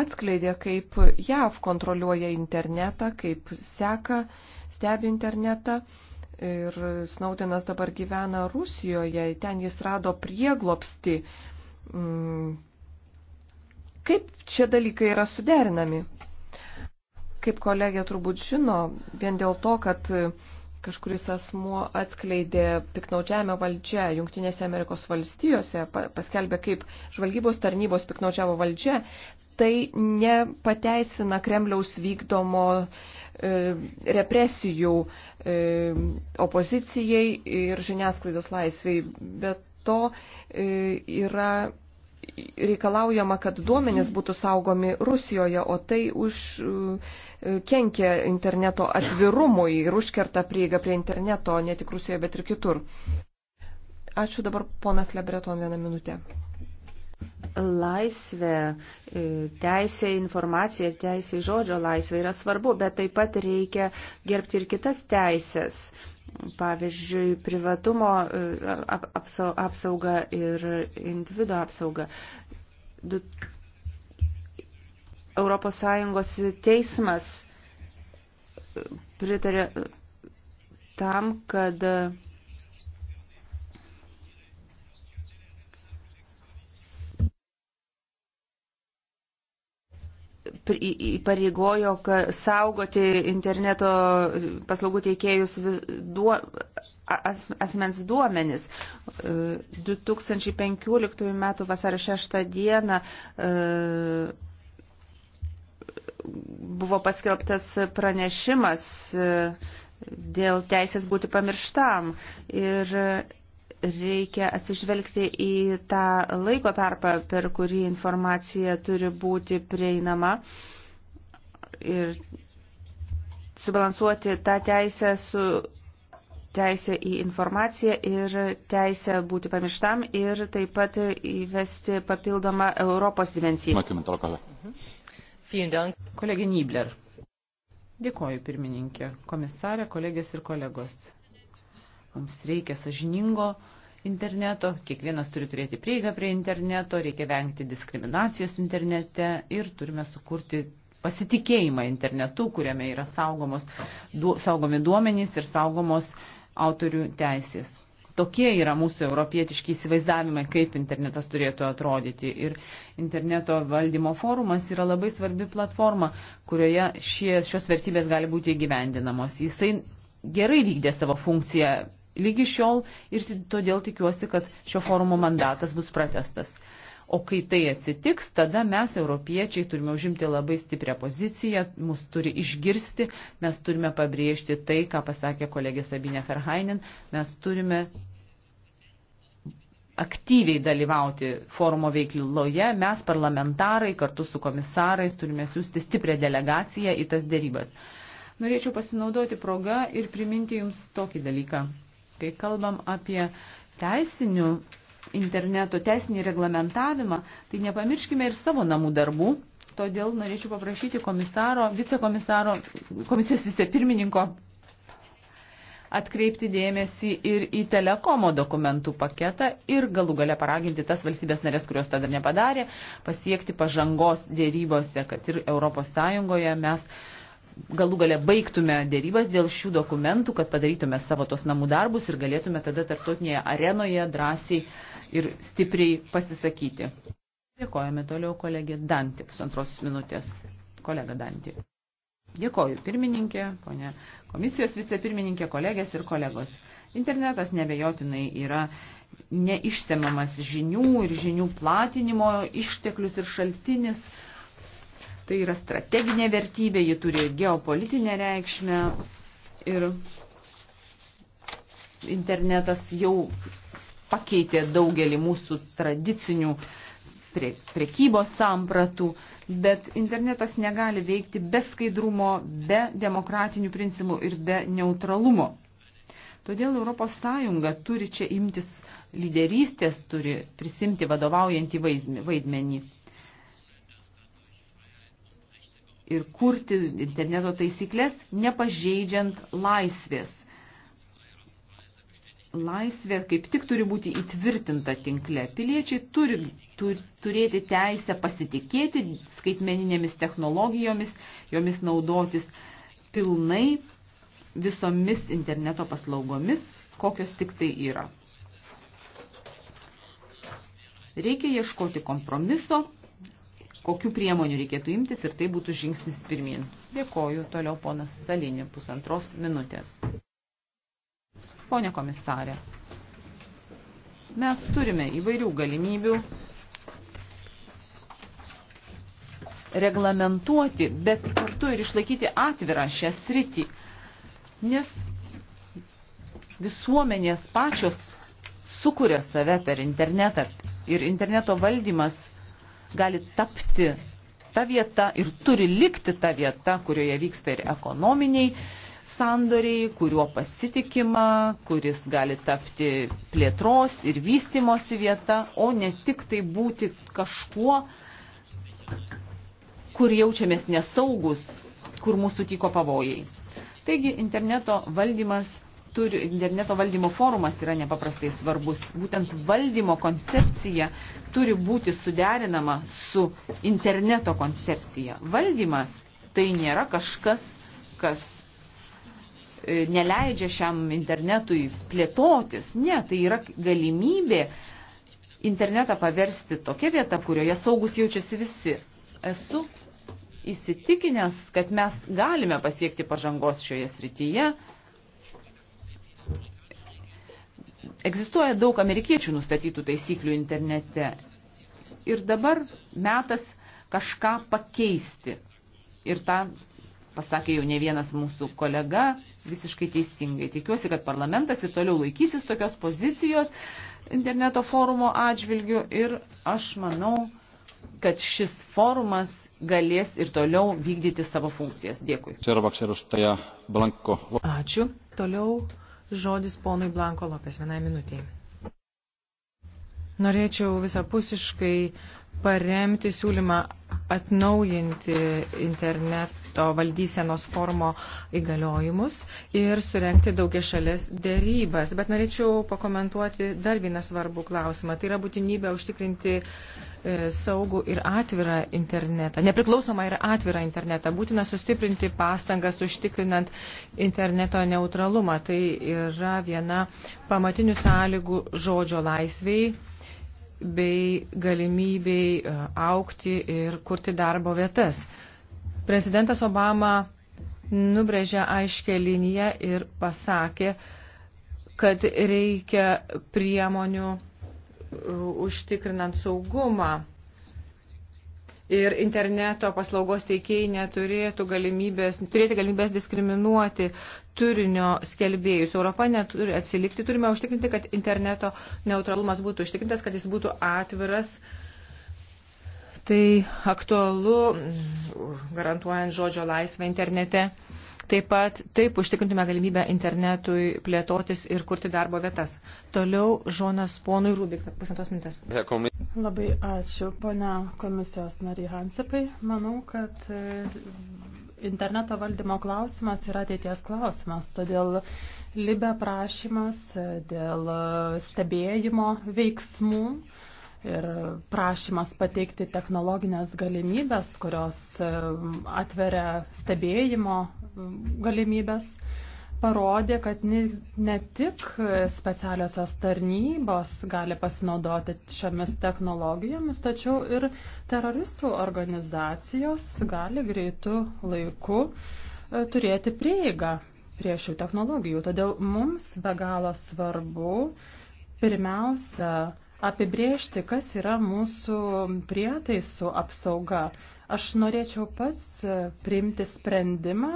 atskleidė, kaip JAV kontroliuoja internetą, kaip seka, stebi internetą. Ir Snaudinas dabar gyvena Rusijoje, ten jis rado prieglopsti. Mm. Kaip šie dalykai yra suderinami? Kaip kolegė turbūt žino, vien dėl to, kad kažkuris asmuo atskleidė piknaudžiavimą valdžia Junktinėse Amerikos valstijose, paskelbė, kaip žvalgybos tarnybos piknaudžiavo valdžia, tai nepateisina Kremliaus vykdomo e, represijų e, opozicijai ir žiniasklaidos laisviai. Bet to e, yra reikalaujama, kad duomenys būtų saugomi Rusijoje, o tai už e, kenkia interneto atvirumui ir užkerta prieigą prie interneto ne tik Rusijoje, bet ir kitur. Ačiū dabar ponas Lebreton vieną minutę. Laisvė, e, teisė informacija, teisė žodžio laisvė yra svarbu, bet taip pat reikia gerbti ir kitas teisės pavyzdžiui, privatumo e, apsauga ir individo apsauga. Europos Sąjungos teismas e, pritarė tam, kad įpareigojo saugoti interneto paslaugų teikėjus duo, as, asmens duomenis. 2015 e, m. vasario 6 d. E, buvo paskelbtas pranešimas e, dėl teisės būti pamirštam. Ir reikia atsižvelgti į tą laiko tarpą, per kurį informacija turi būti prieinama ir subalansuoti tą teisę su teisė į informaciją ir teisė būti pamirštam ir taip pat įvesti papildomą Europos dimensiją. Mhm. Kolegė Nibler. Dėkoju, pirmininkė, komisarė, kolegės ir kolegos. Mums reikia sažiningo interneto, kiekvienas turi turėti prieigą prie interneto, reikia vengti diskriminacijos internete ir turime sukurti pasitikėjimą internetu, kuriame yra saugomos, du, saugomi duomenys ir saugomos autorių teisės. Tokie yra mūsų europietiški įsivaizdavimai, kaip internetas turėtų atrodyti. Ir interneto valdymo forumas yra labai svarbi platforma, kurioje šie, šios vertybės gali būti įgyvendinamos. Jisai gerai vykdė savo funkciją lygi šiol ir todėl tikiuosi, kad šio forumo mandatas bus pratestas. O kai tai atsitiks, tada mes, europiečiai, turime užimti labai stiprią poziciją, mus turi išgirsti, mes turime pabrėžti tai, ką pasakė kolegė Sabinė Ferhainin, mes turime aktyviai dalyvauti forumo veikloje, mes parlamentarai kartu su komisarais turime siūsti stiprią delegaciją į tas dėrybas. Norėčiau pasinaudoti progą ir priminti Jums tokį dalyką. Kai kalbam apie teisinių interneto teisinį reglamentavimą, tai nepamirškime ir savo namų darbų. Todėl norėčiau paprašyti komisaro, vicekomisaro, komisijos vicepirmininko atkreipti dėmesį ir į telekomo dokumentų paketą ir galų gale paraginti tas valstybės narės, kurios tą dar nepadarė, pasiekti pažangos dėrybose, kad ir ES mes galų gale baigtume dėrybas dėl šių dokumentų, kad padarytume savo tos namų darbus ir galėtume tada tarptautinėje arenoje drąsiai ir stipriai pasisakyti. Dėkojame toliau kolegė Dantį, pusantrosios minutės. Kolega Dantį. Dėkoju pirmininkė, ponė komisijos vicepirmininkė, kolegės ir kolegos. Internetas nebejotinai yra neišsemamas žinių ir žinių platinimo išteklius ir šaltinis. Tai yra strateginė vertybė, ji turi geopolitinę reikšmę ir internetas jau pakeitė daugelį mūsų tradicinių prie, priekybos sampratų, bet internetas negali veikti be skaidrumo, be demokratinių principų ir be neutralumo. Todėl ES turi čia imtis lyderystės, turi prisimti vadovaujantį vaidmenį ir kurti interneto taisyklės, nepažeidžiant laisvės. Laisvė kaip tik turi būti įtvirtinta tinkle. Piliečiai turi, turi turėti teisę pasitikėti skaitmeninėmis technologijomis, jomis naudotis pilnai visomis interneto paslaugomis, kokios tik tai yra. Reikia ieškoti kompromiso kokių priemonių reikėtų imtis ir tai būtų žingsnis pirmin. Dėkoju, toliau ponas Salinė, pusantros minutės. Pone komisarė, mes turime įvairių galimybių reglamentuoti, bet kartu ir išlaikyti atvirą šią sritį, nes visuomenės pačios sukuria save per internetą ir interneto valdymas – gali tapti ta vieta ir turi likti ta vieta, kurioje vyksta ir ekonominiai sandoriai, kuriuo pasitikima, kuris gali tapti plėtros ir vystimosi vieta, o ne tik tai būti kažkuo, kur jaučiamės nesaugus, kur mūsų tyko pavojai. Taigi interneto valdymas turi, interneto valdymo forumas yra nepaprastai svarbus. Būtent valdymo koncepcija turi būti suderinama su interneto koncepcija. Valdymas tai nėra kažkas, kas e, neleidžia šiam internetui plėtotis. Ne, tai yra galimybė internetą paversti tokia vieta, kurioje saugus jaučiasi visi. Esu įsitikinęs, kad mes galime pasiekti pažangos šioje srityje Egzistuoja daug amerikiečių nustatytų taisyklių internete. Ir dabar metas kažką pakeisti. Ir tą pasakė jau ne vienas mūsų kolega visiškai teisingai. Tikiuosi, kad parlamentas ir toliau laikysis tokios pozicijos interneto forumo atžvilgių ir aš manau, kad šis forumas galės ir toliau vykdyti savo funkcijas. Dėkui. Ačiū. Toliau Žodis ponui Blanko Lopės vienai minutiai. Norėčiau visapusiškai paremti siūlymą atnaujinti interneto valdysenos formo įgaliojimus ir surenkti daugia šalės dėrybas. Bet norėčiau pakomentuoti dar vieną svarbų klausimą. Tai yra būtinybė užtikrinti e, saugų ir atvirą internetą, nepriklausomą ir atvirą internetą. Būtina sustiprinti pastangas užtikrinant interneto neutralumą. Tai yra viena pamatinių sąlygų žodžio laisviai bei galimybei e, aukti ir kurti darbo vietas. Prezidentas Obama nubrėžė aiškę liniją ir pasakė, kad reikia priemonių e, užtikrinant saugumą ir interneto paslaugos teikėjai neturėtų galimybės, turėti galimybės diskriminuoti turinio skelbėjus. Europa neturi atsilikti, turime užtikrinti, kad interneto neutralumas būtų užtikrintas, kad jis būtų atviras. Tai aktualu, mm, garantuojant žodžio laisvę internete. Taip pat taip užtikrintume galimybę internetui plėtotis ir kurti darbo vietas. Toliau žonas ponui Rubik, pusantos minutės. Labai ačiū, ponia komisijos nariai Hansipai. Manau, kad e, interneto valdymo klausimas yra ateities klausimas, todėl libe prašymas e, dėl e, stebėjimo veiksmų ir prašymas pateikti technologinės galimybės, kurios e, atveria stebėjimo galimybės, parodė, kad ne tik specialiosios tarnybos gali pasinaudoti šiomis technologijomis, tačiau ir teroristų organizacijos gali greitų laiku e, turėti prieigą prie šių technologijų. Todėl mums be galo svarbu pirmiausia, apibriežti, kas yra mūsų prietaisų apsauga. Aš norėčiau pats priimti sprendimą,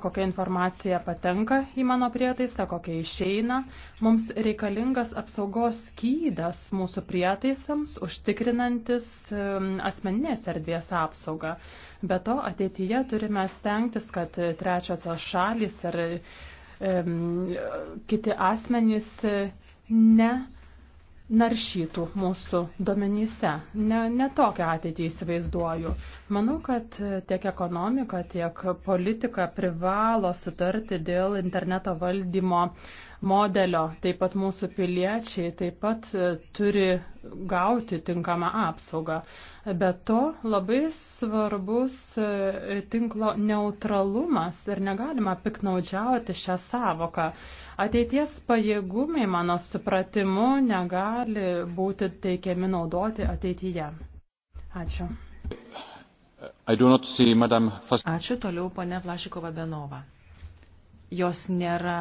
kokia informacija patenka į mano prietaisą, kokia išeina. Mums reikalingas apsaugos skydas mūsų prietaisams, užtikrinantis um, asmeninės erdvės apsaugą. Be to, ateityje turime stengtis, kad trečiosios šalis ar um, kiti asmenys ne naršytų mūsų domenyse. Ne, ne tokią ateitį įsivaizduoju. Manau, kad tiek ekonomika, tiek politika privalo sutarti dėl interneto valdymo modelio, taip pat mūsų piliečiai taip pat e, turi gauti tinkamą apsaugą. Be to labai svarbus e, tinklo neutralumas ir negalima piknaudžiauti šią savoką. Ateities pajėgumai, mano supratimu, negali būti teikiami naudoti ateityje. Ačiū. See, Ačiū toliau, ponė Vlašikova Benova. Jos nėra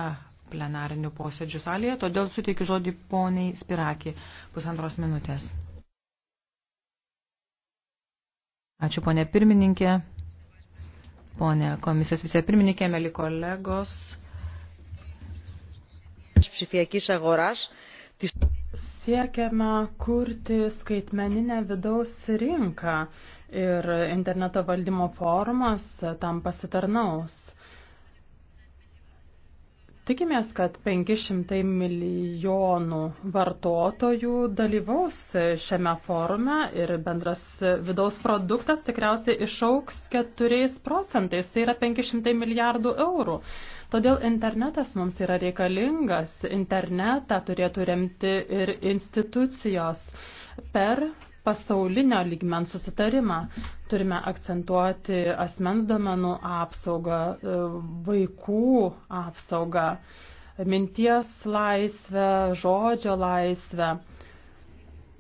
plenarinių posėdžių salėje, todėl suteikiu žodį poniai Spiraki pusantros minutės. Ačiū ponė pirmininkė, ponė komisijos vicepirmininkė, mėly kolegos. Siekiame kurti skaitmeninę vidaus rinką ir interneto valdymo formas tam pasitarnaus. Tikimės, kad 500 milijonų vartotojų dalyvaus šiame forume ir bendras vidaus produktas tikriausiai išauks 4 procentais, tai yra 500 milijardų eurų. Todėl internetas mums yra reikalingas, internetą turėtų remti ir institucijos per pasaulinio lygmens susitarimą. Turime akcentuoti asmens domenų apsaugą, e, vaikų apsaugą, minties laisvę, žodžio laisvę.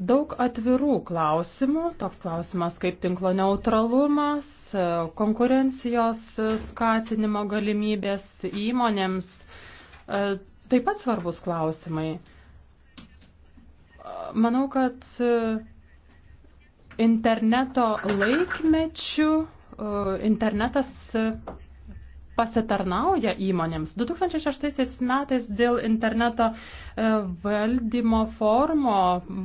Daug atvirų klausimų, toks klausimas kaip tinklo neutralumas, e, konkurencijos skatinimo galimybės įmonėms, e, taip pat svarbus klausimai. Manau, kad interneto laikmečių e, internetas pasitarnauja įmonėms. 2006 metais dėl interneto e, valdymo formo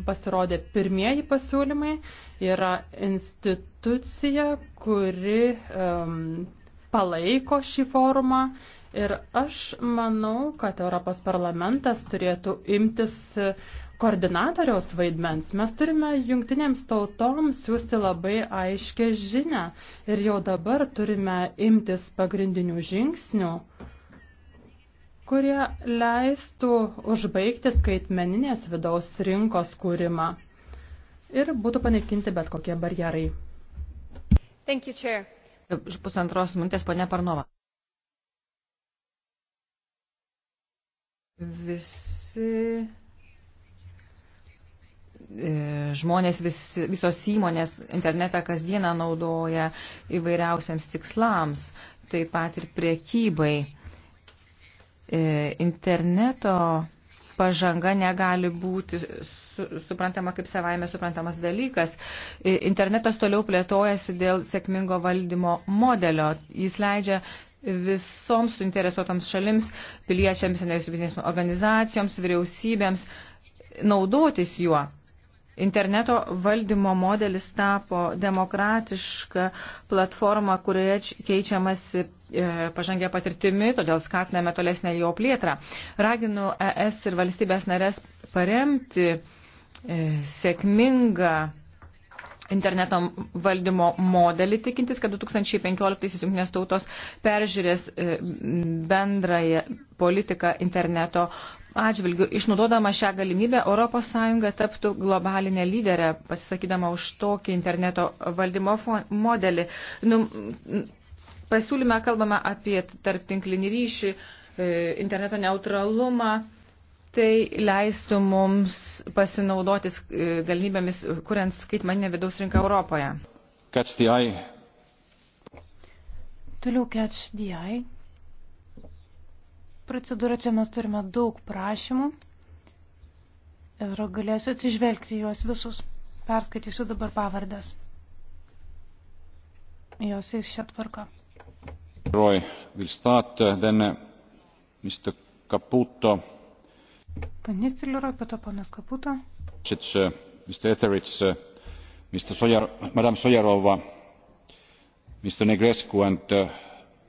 pasirodė pirmieji pasiūlymai. Yra institucija, kuri um, palaiko šį forumą. Ir aš manau, kad Europos parlamentas turėtų imtis uh, koordinatoriaus vaidmens mes turime jungtinėms tautoms siūsti labai aiškę žinę ir jau dabar turime imtis pagrindinių žingsnių, kurie leistų užbaigti skaitmeninės vidaus rinkos kūrimą ir būtų panaikinti bet kokie barjerai. Thank you, Chair. Už pusantros minutės, ponia Parnova. Visi E, žmonės, vis, visos įmonės internetą kasdieną naudoja įvairiausiams tikslams, taip pat ir priekybai. E, interneto pažanga negali būti su, suprantama kaip savaime suprantamas dalykas. E, internetas toliau plėtojasi dėl sėkmingo valdymo modelio. Jis leidžia visoms suinteresuotams šalims, piliečiams, nevyriausybinėms organizacijoms, vyriausybėms naudotis juo Interneto valdymo modelis tapo demokratiška platforma, kurioje keičiamasi e, pažangę patirtimi, todėl skatiname tolesnę jo plėtrą. Raginu ES ir valstybės narės paremti e, sėkmingą interneto valdymo modelį, tikintis, kad 2015 jungtinės tautos peržiūrės e, bendrąją politiką interneto atžvilgių. Išnaudodama šią galimybę, ES taptų globalinę lyderę, pasisakydama už tokį interneto valdymo modelį. Nu, pasiūlyme kalbame apie tarptinklinį ryšį, e, interneto neutralumą. Tai leistų mums pasinaudotis e, galimybėmis, kuriant skaitmaninę vidaus rinką Europoje. Catch the eye. Toliau catch the eye procedūra, čia mes turime daug prašymų ir galėsiu atsižvelgti juos visus. Perskaitysiu dabar pavardas. Jos į šią tvarką. Roy Vilstat, denne uh, Mr. Caputo. Panis Tiliroj, pato panas Caputo. Uh, Mr. Etheridge, uh, Mr. Sojar, Madame Sojarova, Mr. Negrescu and uh,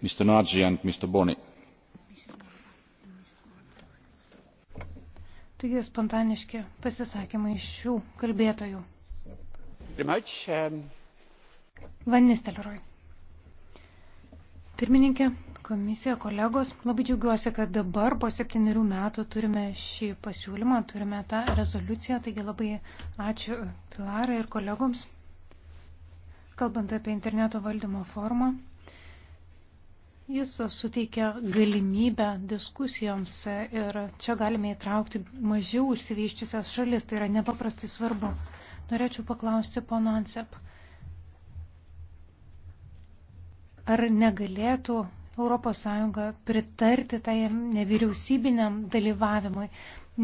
Mr. Nagy and Mr. Boni. Taigi spontaniški pasisakymai iš šių kalbėtojų. Um, Van Nistelroj. Pirmininkė, komisija, kolegos, labai džiaugiuosi, kad dabar po septyniarių metų turime šį pasiūlymą, turime tą rezoliuciją, taigi labai ačiū Pilarai ir kolegoms. Kalbant apie interneto valdymo formą, Jis suteikia galimybę diskusijoms ir čia galime įtraukti mažiau išsivyščiusias šalis, tai yra nepaprastai svarbu. Norėčiau paklausti pono Ansep, ar negalėtų ES pritarti tai nevyriausybiniam dalyvavimui,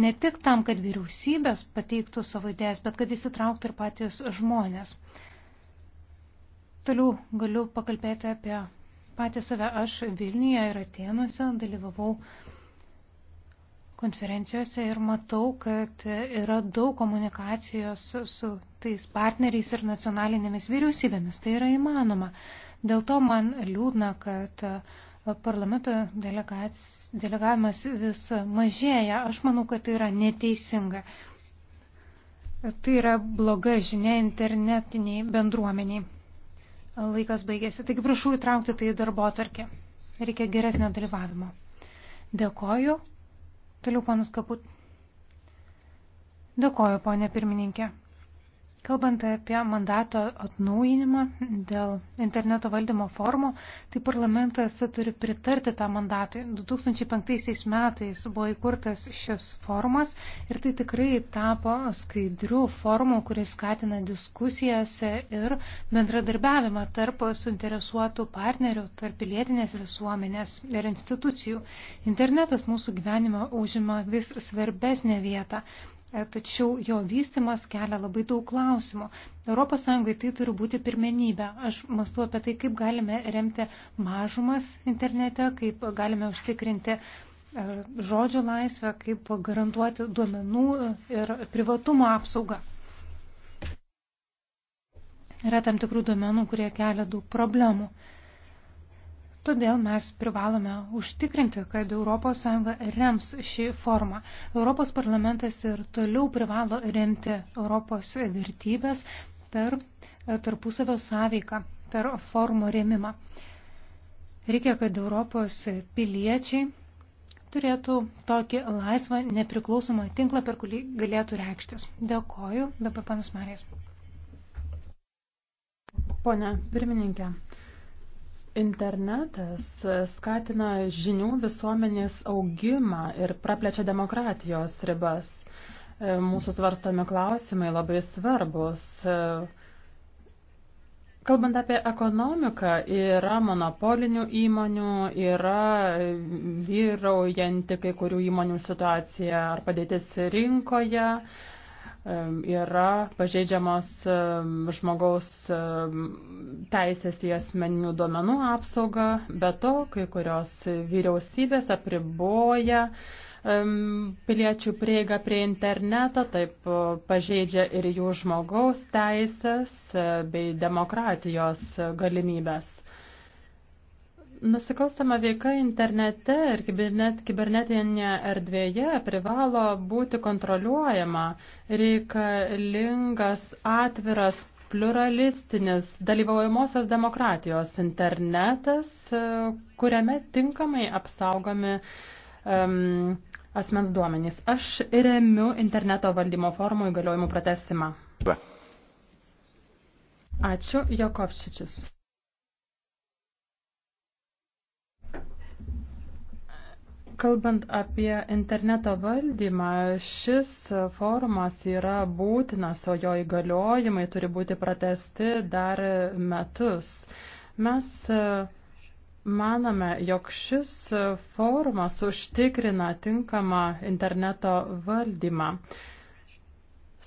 ne tik tam, kad vyriausybės pateiktų savo idėjas, bet kad įsitrauktų ir patys žmonės. Toliau galiu pakalbėti apie patį save. Aš Vilniuje ir Atenuose dalyvavau konferencijose ir matau, kad yra daug komunikacijos su tais partneriais ir nacionalinėmis vyriausybėmis. Tai yra įmanoma. Dėl to man liūdna, kad uh, parlamento delegavimas vis mažėja. Aš manau, kad tai yra neteisinga. Tai yra bloga žinia internetiniai bendruomeniai. Laikas baigėsi. Taigi prašau įtraukti tai į darbo atvarkę. Reikia geresnio dalyvavimo. Dėkoju. Toliau panas Kaput. Dėkoju, ponė pirmininkė. Kalbant apie mandato atnaujinimą dėl interneto valdymo formų, tai parlamentas turi pritarti tą mandatą. 2005 metais buvo įkurtas šis formas ir tai tikrai tapo skaidrių formų, kuris skatina diskusijas ir bendradarbiavimą tarp suinteresuotų partnerių, tarp pilietinės visuomenės ir institucijų. Internetas mūsų gyvenime užima vis svarbesnę vietą. E, tačiau jo vystimas kelia labai daug klausimų. ES tai turi būti pirmenybė. Aš mastu apie tai, kaip galime remti mažumas internete, kaip galime užtikrinti e, žodžio laisvę, kaip garantuoti duomenų e, ir privatumo apsaugą. Yra tam tikrų duomenų, kurie kelia daug problemų. Todėl mes privalome užtikrinti, kad ES rems šį formą. Europos parlamentas ir toliau privalo remti Europos vertybės per e, tarpusavio sąveiką, per forumo rėmimą. Reikia, kad Europos piliečiai turėtų tokį laisvą, nepriklausomą tinklą, per kurį galėtų reikštis. Dėkoju. Dabar panas Marijas. Pone pirmininkė, Internetas skatina žinių visuomenės augimą ir praplečia demokratijos ribas. E, mūsų svarstomi klausimai labai svarbus. E, kalbant apie ekonomiką, yra monopolinių įmonių, yra vyraujanti kai kurių įmonių situacija ar padėtis rinkoje, yra pažeidžiamos žmogaus teisės į asmeninių duomenų apsaugą, bet to kai kurios vyriausybės apriboja piliečių prieigą prie interneto, taip pažeidžia ir jų žmogaus teisės e, bei demokratijos galimybės. Nusikalstama veika internete ir kibernet, kibernetinėje erdvėje privalo būti kontroliuojama. Reikalingas atviras pluralistinis dalyvaujamosios demokratijos internetas, kuriame tinkamai apsaugomi um, asmens duomenys. Aš remiu interneto valdymo formų įgaliojimų pratesimą. Ačiū, Jokovčičius. Kalbant apie interneto valdymą, šis formas yra būtinas, o jo įgaliojimai turi būti pratesti dar metus. Mes e, manome, jog šis formas užtikrina tinkamą interneto valdymą.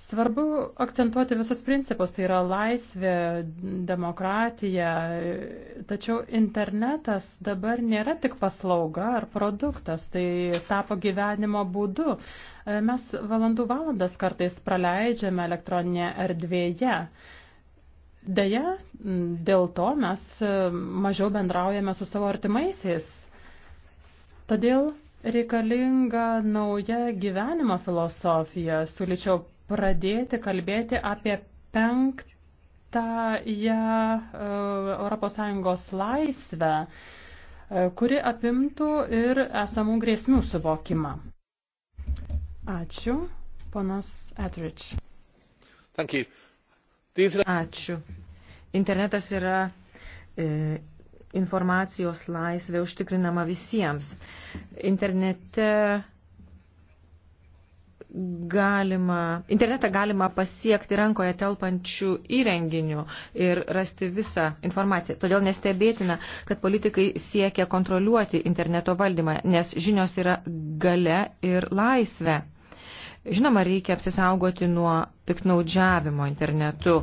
Svarbu akcentuoti visus principus, tai yra laisvė, demokratija, tačiau internetas dabar nėra tik paslauga ar produktas, tai tapo gyvenimo būdu. Mes valandų valandas kartais praleidžiame elektroninėje erdvėje. Deja, dėl to mes mažiau bendraujame su savo artimaisiais. Todėl reikalinga nauja gyvenimo filosofija. Siūlyčiau pradėti kalbėti apie penktąją ES laisvę, e, kuri apimtų ir esamų grėsmių suvokimą. Ačiū, ponas Etrich. Ačiū. Internetas yra e, informacijos laisvė užtikrinama visiems. Internete galima, internetą galima pasiekti rankoje telpančių įrenginių ir rasti visą informaciją. Todėl nestebėtina, kad politikai siekia kontroliuoti interneto valdymą, nes žinios yra gale ir laisvė. Žinoma, reikia apsisaugoti nuo piknaudžiavimo internetu.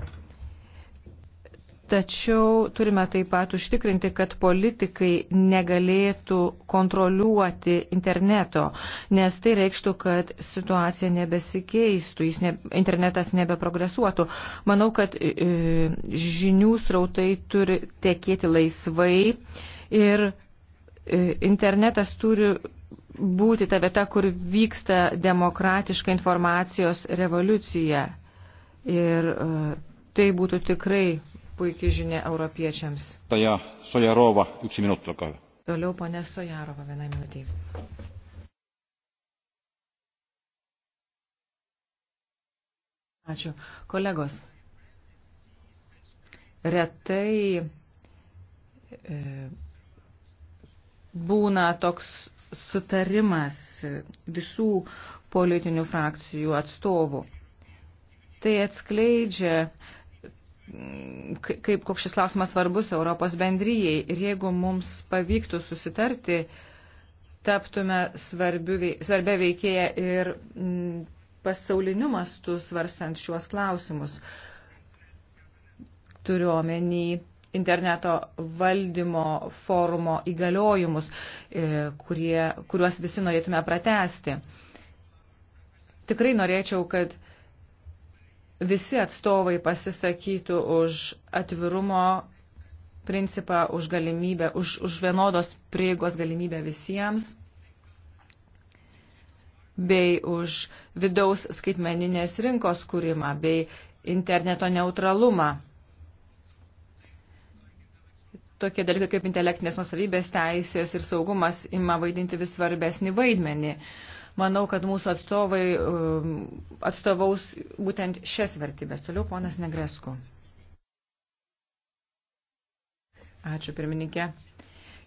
Tačiau turime taip pat užtikrinti, kad politikai negalėtų kontroliuoti interneto, nes tai reikštų, kad situacija nebesikeistų, jis ne, internetas nebeprogresuotų. Manau, kad e, žinių srautai turi tekėti laisvai ir e, internetas turi būti ta vieta, kur vyksta demokratiška informacijos revoliucija. Ir e, tai būtų tikrai puikiai žinia europiečiams. Taja Sojarova, yksi minuutti, olkaa hyvä. Toliau ponė Sojarova, vienai minutiai. Ačiū. Kolegos, retai e, būna toks sutarimas visų politinių frakcijų atstovų. Tai atskleidžia kaip koks šis klausimas svarbus Europos bendryjai. Ir jeigu mums pavyktų susitarti, taptume svarbiu, svarbia veikėja ir m, mm, pasauliniu mastu svarstant šiuos klausimus. Turiu omeny interneto valdymo forumo įgaliojimus, e, kurie, kuriuos visi norėtume pratesti. Tikrai norėčiau, kad visi atstovai pasisakytų už atvirumo principą, už galimybę, už, už vienodos prieigos galimybę visiems bei už vidaus skaitmeninės rinkos kūrimą, bei interneto neutralumą. Tokie dalykai kaip intelektinės nusavybės teisės ir saugumas ima vaidinti vis svarbesnį vaidmenį. Uh, Manau, kad mūsų atstovai um, atstovaus būtent šias vertybės. Toliau ponas Negresku. Ačiū, pirmininkė.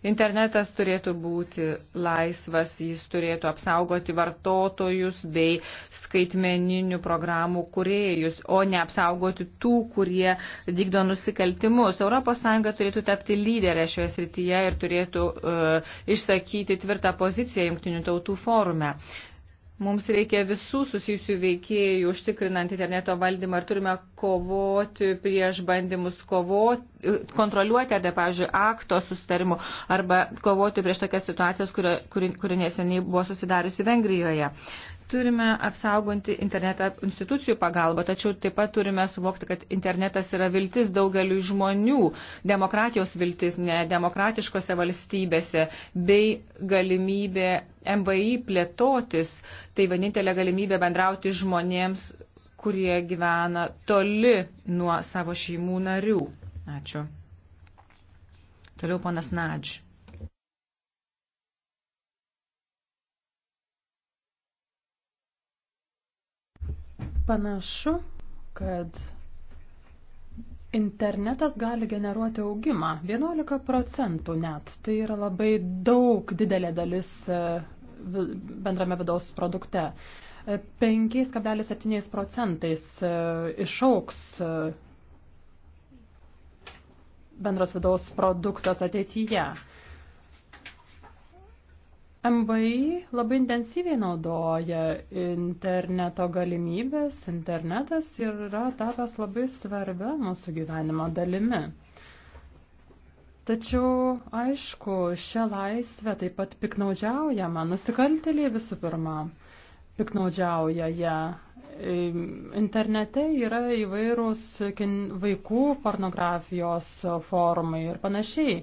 Internetas turėtų būti laisvas, jis turėtų apsaugoti vartotojus bei skaitmeninių programų kuriejus, o ne apsaugoti tų, kurie vykdo nusikaltimus. ES turėtų tapti lyderę šioje srityje ir turėtų uh, išsakyti tvirtą poziciją Junktinių tautų forume. Uh, Mums reikia visų susijusių veikėjų užtikrinant interneto valdymą ir turime kovoti prieš bandymus kovoti, kontroliuoti, arba, tai, pavyzdžiui, akto sustarimų, arba kovoti prieš tokias situacijas, kuri, kuri, kuri neseniai buvo susidariusi Vengrijoje. Turime apsaugoti internetą institucijų pagalba, tačiau taip pat turime suvokti, kad internetas yra viltis daugeliu žmonių, demokratijos viltis nedemokratiškose valstybėse, bei galimybė MVI plėtotis, tai vienintelė galimybė bendrauti žmonėms, kurie gyvena toli nuo savo šeimų narių. Ačiū. Toliau ponas Nadž. Panašu, kad internetas gali generuoti augimą 11 procentų net. Tai yra labai daug didelė dalis e, bendrame vidaus produkte. 5,7 e, procentais e, išauks bendras vidaus produktas ateityje. MBI labai intensyviai naudoja interneto galimybės, internetas yra tapęs labai svarbia mūsų gyvenimo dalimi. Tačiau, aišku, šią laisvę taip pat piknaudžiaujama, nusikaltėliai visų pirma piknaudžiauja ją. Internete yra įvairūs vaikų pornografijos formai ir panašiai.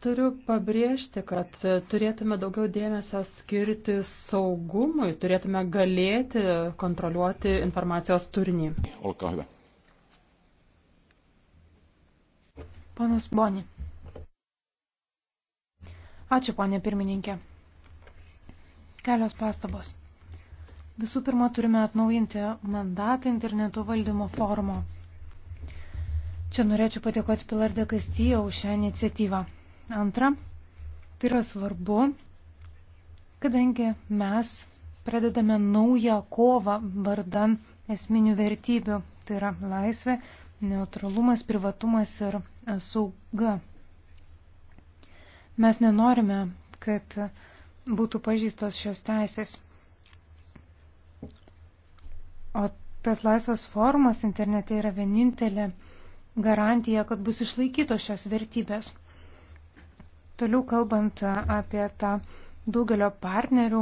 Turiu pabrėžti, kad turėtume daugiau dėmesio skirti saugumui, turėtume galėti kontroliuoti informacijos turinį. Olkaa hyvä. Panas Boni. Ačiū, ponė pirmininkė. Kelios pastabos. Visų pirma, turime atnaujinti mandatą interneto valdymo forumo. Čia norėčiau padėkoti Pilardė Kastijo už šią iniciatyvą. Antra, tai yra svarbu, kadangi mes pradedame naują kovą vardan esminių vertybių. Tai yra laisvė, neutralumas, privatumas ir sauga. Mes nenorime, kad būtų pažįstos šios teisės. O tas laisvas formas internete yra vienintelė garantija, kad bus išlaikytos šios vertybės. Toliau kalbant apie tą daugelio partnerių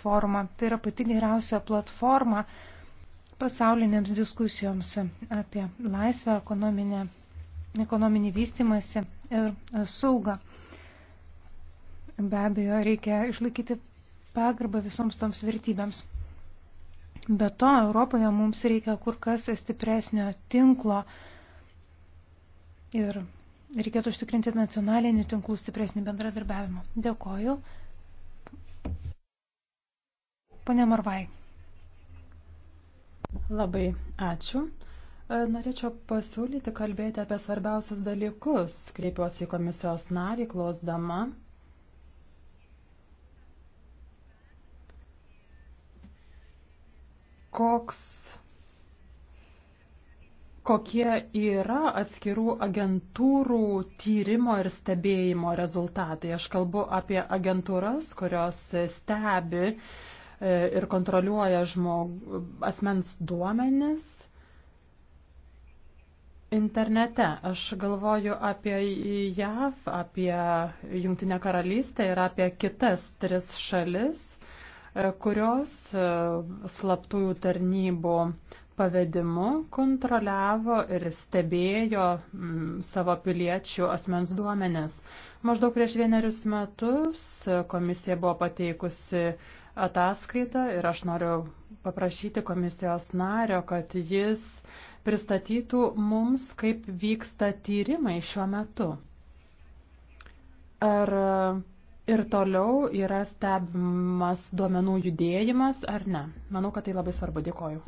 formą, tai yra pati geriausia platforma pasaulinėms diskusijoms apie laisvę, ekonominę, ekonominį vystimąsi ir saugą. Be abejo, reikia išlaikyti pagarbą visoms toms vertybėms. Be to, Europoje mums reikia kur kas stipresnio tinklo ir reikėtų užtikrinti nacionalinių tinklų stipresnį bendradarbiavimą. Dėkoju. Pane Marvai. Labai ačiū. E, norėčiau pasiūlyti kalbėti apie svarbiausius dalykus. Kreipiuosi į komisijos narį, klausdama. Koks kokie yra atskirų agentūrų tyrimo ir stebėjimo rezultatai. Aš kalbu apie agentūras, kurios stebi e, ir kontroliuoja žmog... asmens duomenis internete. Aš galvoju apie JAV, apie Jungtinę karalystę ir apie kitas tris šalis, e, kurios e, slaptųjų tarnybų pavedimu kontroliavo ir stebėjo mm, savo piliečių asmens duomenis. Maždaug prieš vienerius metus komisija buvo pateikusi ataskaitą ir aš noriu paprašyti komisijos nario, kad jis pristatytų mums, kaip vyksta tyrimai šiuo metu. Ar ir toliau yra stebimas duomenų judėjimas ar ne? Manau, kad tai labai svarbu. Dėkoju.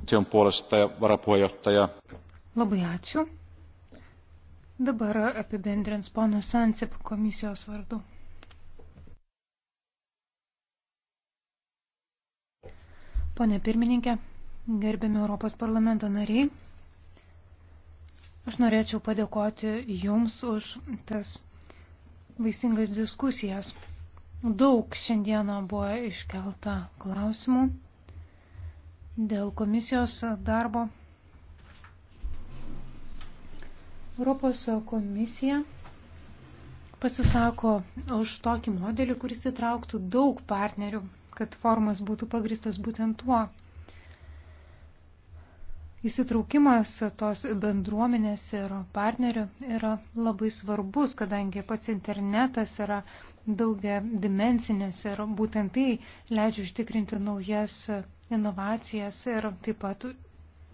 Labai ačiū. Dabar apibendrins ponas Sansip komisijos vardu. Pone pirmininkė, gerbiami Europos parlamento nariai, aš norėčiau padėkoti Jums už tas vaisingas diskusijas. Daug šiandieną buvo iškelta klausimų dėl komisijos darbo. Europos komisija pasisako už tokį modelį, kuris įtrauktų daug partnerių, kad formas būtų pagristas būtent tuo. Įsitraukimas tos bendruomenės ir partnerių yra labai svarbus, kadangi pats internetas yra daugia dimensinės ir būtent tai leidžia užtikrinti naujas inovacijas ir taip pat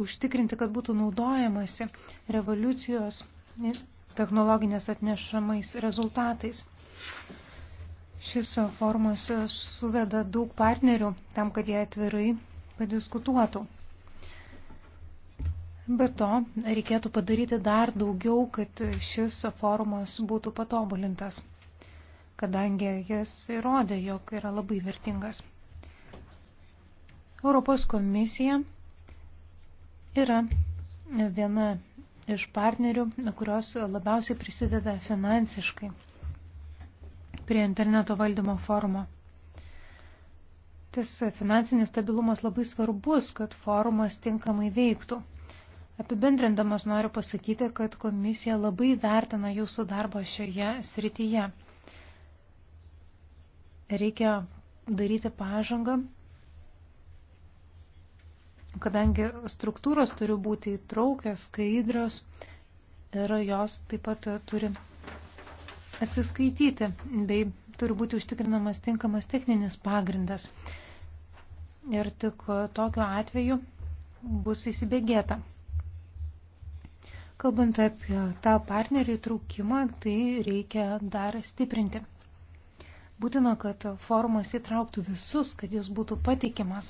užtikrinti, kad būtų naudojamasi revoliucijos technologinės atnešamais rezultatais. Šis formas suveda daug partnerių tam, kad jie atvirai padiskutuotų. Be to, reikėtų padaryti dar daugiau, kad šis forumas būtų patobulintas, kadangi jis įrodė, jog yra labai vertingas. Europos komisija yra viena iš partnerių, kurios labiausiai prisideda finansiškai prie interneto valdymo forumo. Tas finansinis stabilumas labai svarbus, kad forumas tinkamai veiktų. Apibendrindamas noriu pasakyti, kad komisija labai vertina jūsų darbą šioje srityje. Reikia daryti pažangą, kadangi struktūros turi būti įtraukios, skaidrios ir jos taip pat turi atsiskaityti, bei turi būti užtikrinamas tinkamas techninis pagrindas. Ir tik tokiu atveju bus įsibėgėta. Kalbant apie tą partnerį įtraukimą, tai reikia dar stiprinti. Būtina, kad forumas įtrauktų visus, kad jis būtų patikimas.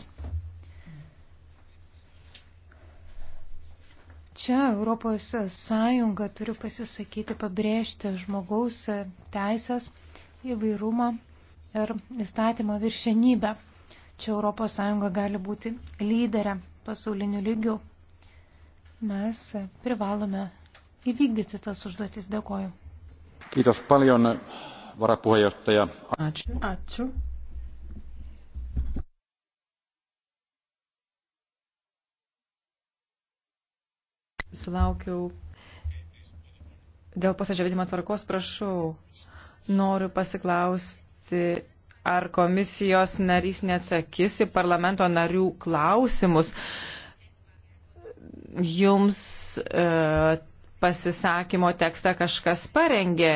Čia Europos Sąjunga turi pasisakyti, pabrėžti žmogaus teisės įvairumą ir įstatymo viršenybę. Čia Europos Sąjunga gali būti lyderė pasauliniu lygiu mes privalome įvykdyti tas užduotis. Dėkoju. Kiitos paljon, varapuheenjohtaja. Ačiū. Ačiū. Sulaukiau dėl pasižiūrėjimo tvarkos, prašau, noriu pasiklausti, ar komisijos narys neatsakys į parlamento narių klausimus jums e, pasisakymo tekstą kažkas parengė,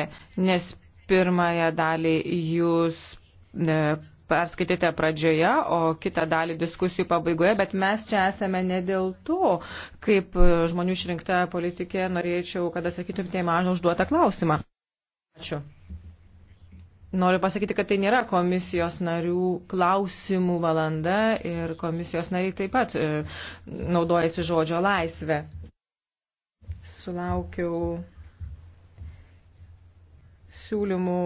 nes pirmąją dalį jūs e, perskaitėte pradžioje, o kitą dalį diskusijų pabaigoje, bet mes čia esame ne dėl to, kaip žmonių išrinkta politikė, norėčiau, kad atsakytumėte į mano užduotą klausimą. Ačiū. Noriu pasakyti, kad tai nėra komisijos narių klausimų valanda ir komisijos nariai taip pat e, naudojasi žodžio laisvę. Sulaukiau siūlymų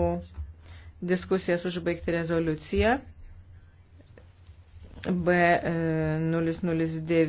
diskusijas užbaigti rezoliuciją B009. E,